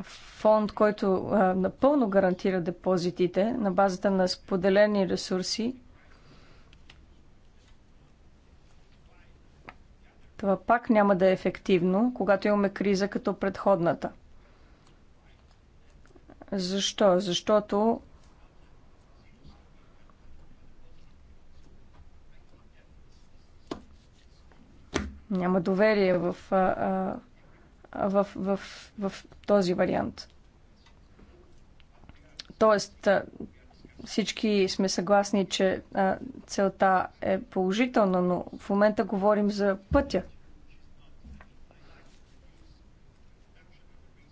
фонд, който а, напълно гарантира депозитите на базата на споделени ресурси, това пак няма да е ефективно, когато имаме криза като предходната. Защо? Защото няма доверие в, а, а, в, в, в, в този вариант. Тоест, всички сме съгласни, че а, целта е положителна, но в момента говорим за пътя.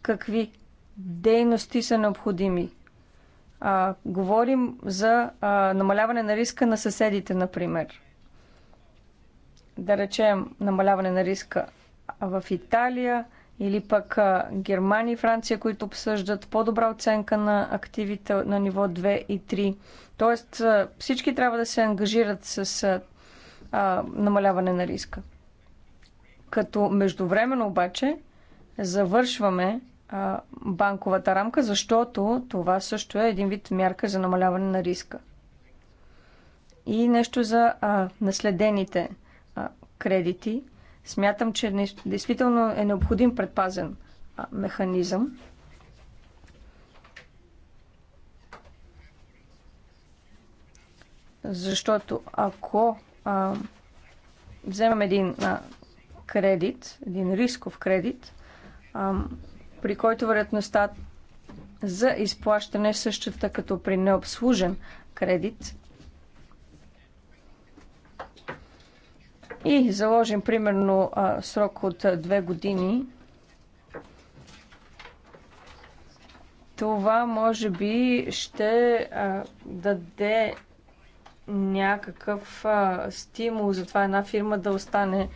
Какви дейности са необходими? А, говорим за а, намаляване на риска на съседите, например да речем, намаляване на риска в Италия или пък Германия и Франция, които обсъждат по-добра оценка на активите на ниво 2 и 3. Тоест всички трябва да се ангажират с намаляване на риска. Като междувременно обаче завършваме банковата рамка, защото това също е един вид мярка за намаляване на риска. И нещо за а, наследените кредити, смятам, че не, действително е необходим предпазен механизъм. Защото ако а, вземем един а, кредит, един рисков кредит, а, при който вероятността за изплащане е същата като при необслужен кредит, и заложим примерно срок от две години, това може би ще даде някакъв стимул за това една фирма да остане,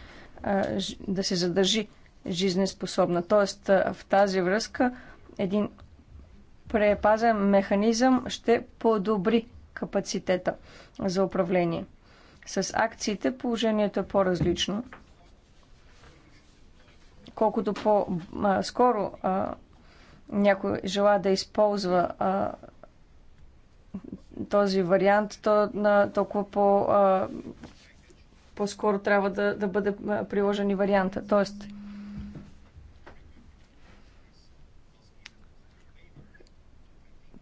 да се задържи жизнеспособна. Тоест, в тази връзка един препазен механизъм ще подобри капацитета за управление. С акциите положението е по-различно. Колкото по-скоро някой желая да използва а, този вариант, то на толкова по, а, по-скоро трябва да, да бъде приложен и варианта. Тоест,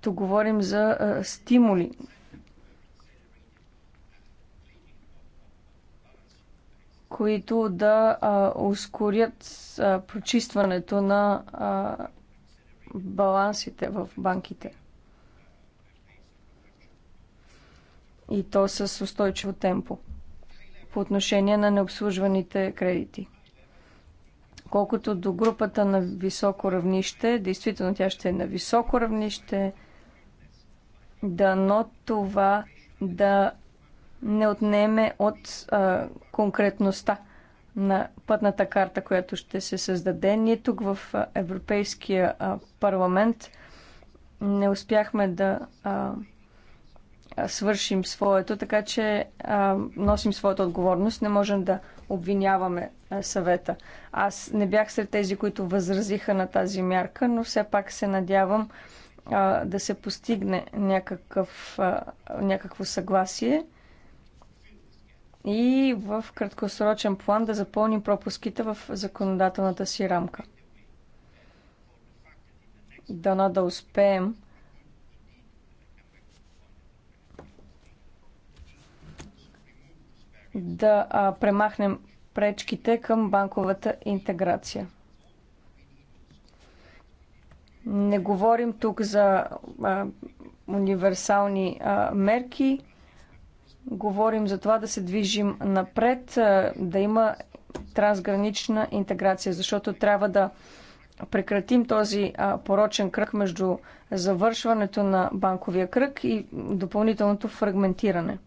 то говорим за а, стимули които да а, ускорят а, прочистването на а, балансите в банките. И то с устойчиво темпо по отношение на необслужваните кредити. Колкото до групата на високо равнище, действително тя ще е на високо равнище, дано това да не отнеме от а, конкретността на пътната карта, която ще се създаде. Ние тук в Европейския парламент не успяхме да а, свършим своето, така че а, носим своята отговорност. Не можем да обвиняваме а, съвета. Аз не бях сред тези, които възразиха на тази мярка, но все пак се надявам а, да се постигне някакъв, а, някакво съгласие и в краткосрочен план да запълним пропуските в законодателната си рамка. Дано да успеем. да а, премахнем пречките към банковата интеграция. Не говорим тук за а, универсални а, мерки, говорим за това да се движим напред, да има трансгранична интеграция, защото трябва да прекратим този порочен кръг между завършването на банковия кръг и допълнителното фрагментиране.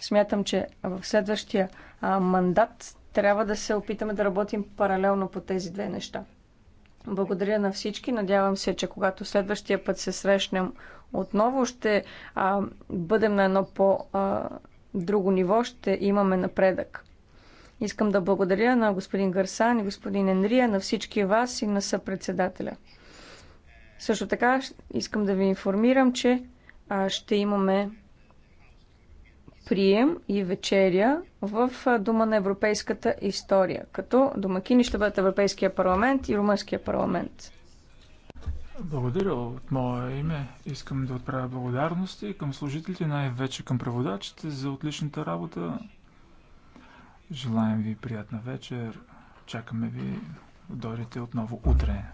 Смятам, че в следващия мандат трябва да се опитаме да работим паралелно по тези две неща. Благодаря на всички. Надявам се, че когато следващия път се срещнем отново ще а, бъдем на едно по-друго ниво, ще имаме напредък. Искам да благодаря на господин Гарсан и господин Енрия, на всички вас и на съпредседателя. Също така искам да ви информирам, че а, ще имаме прием и вечеря в Дума на европейската история, като домакини ще бъдат Европейския парламент и Румънския парламент. Благодаря от мое име. Искам да отправя благодарности към служителите, най-вече към преводачите за отличната работа. Желаем ви приятна вечер. Чакаме ви. Дойдете отново утре.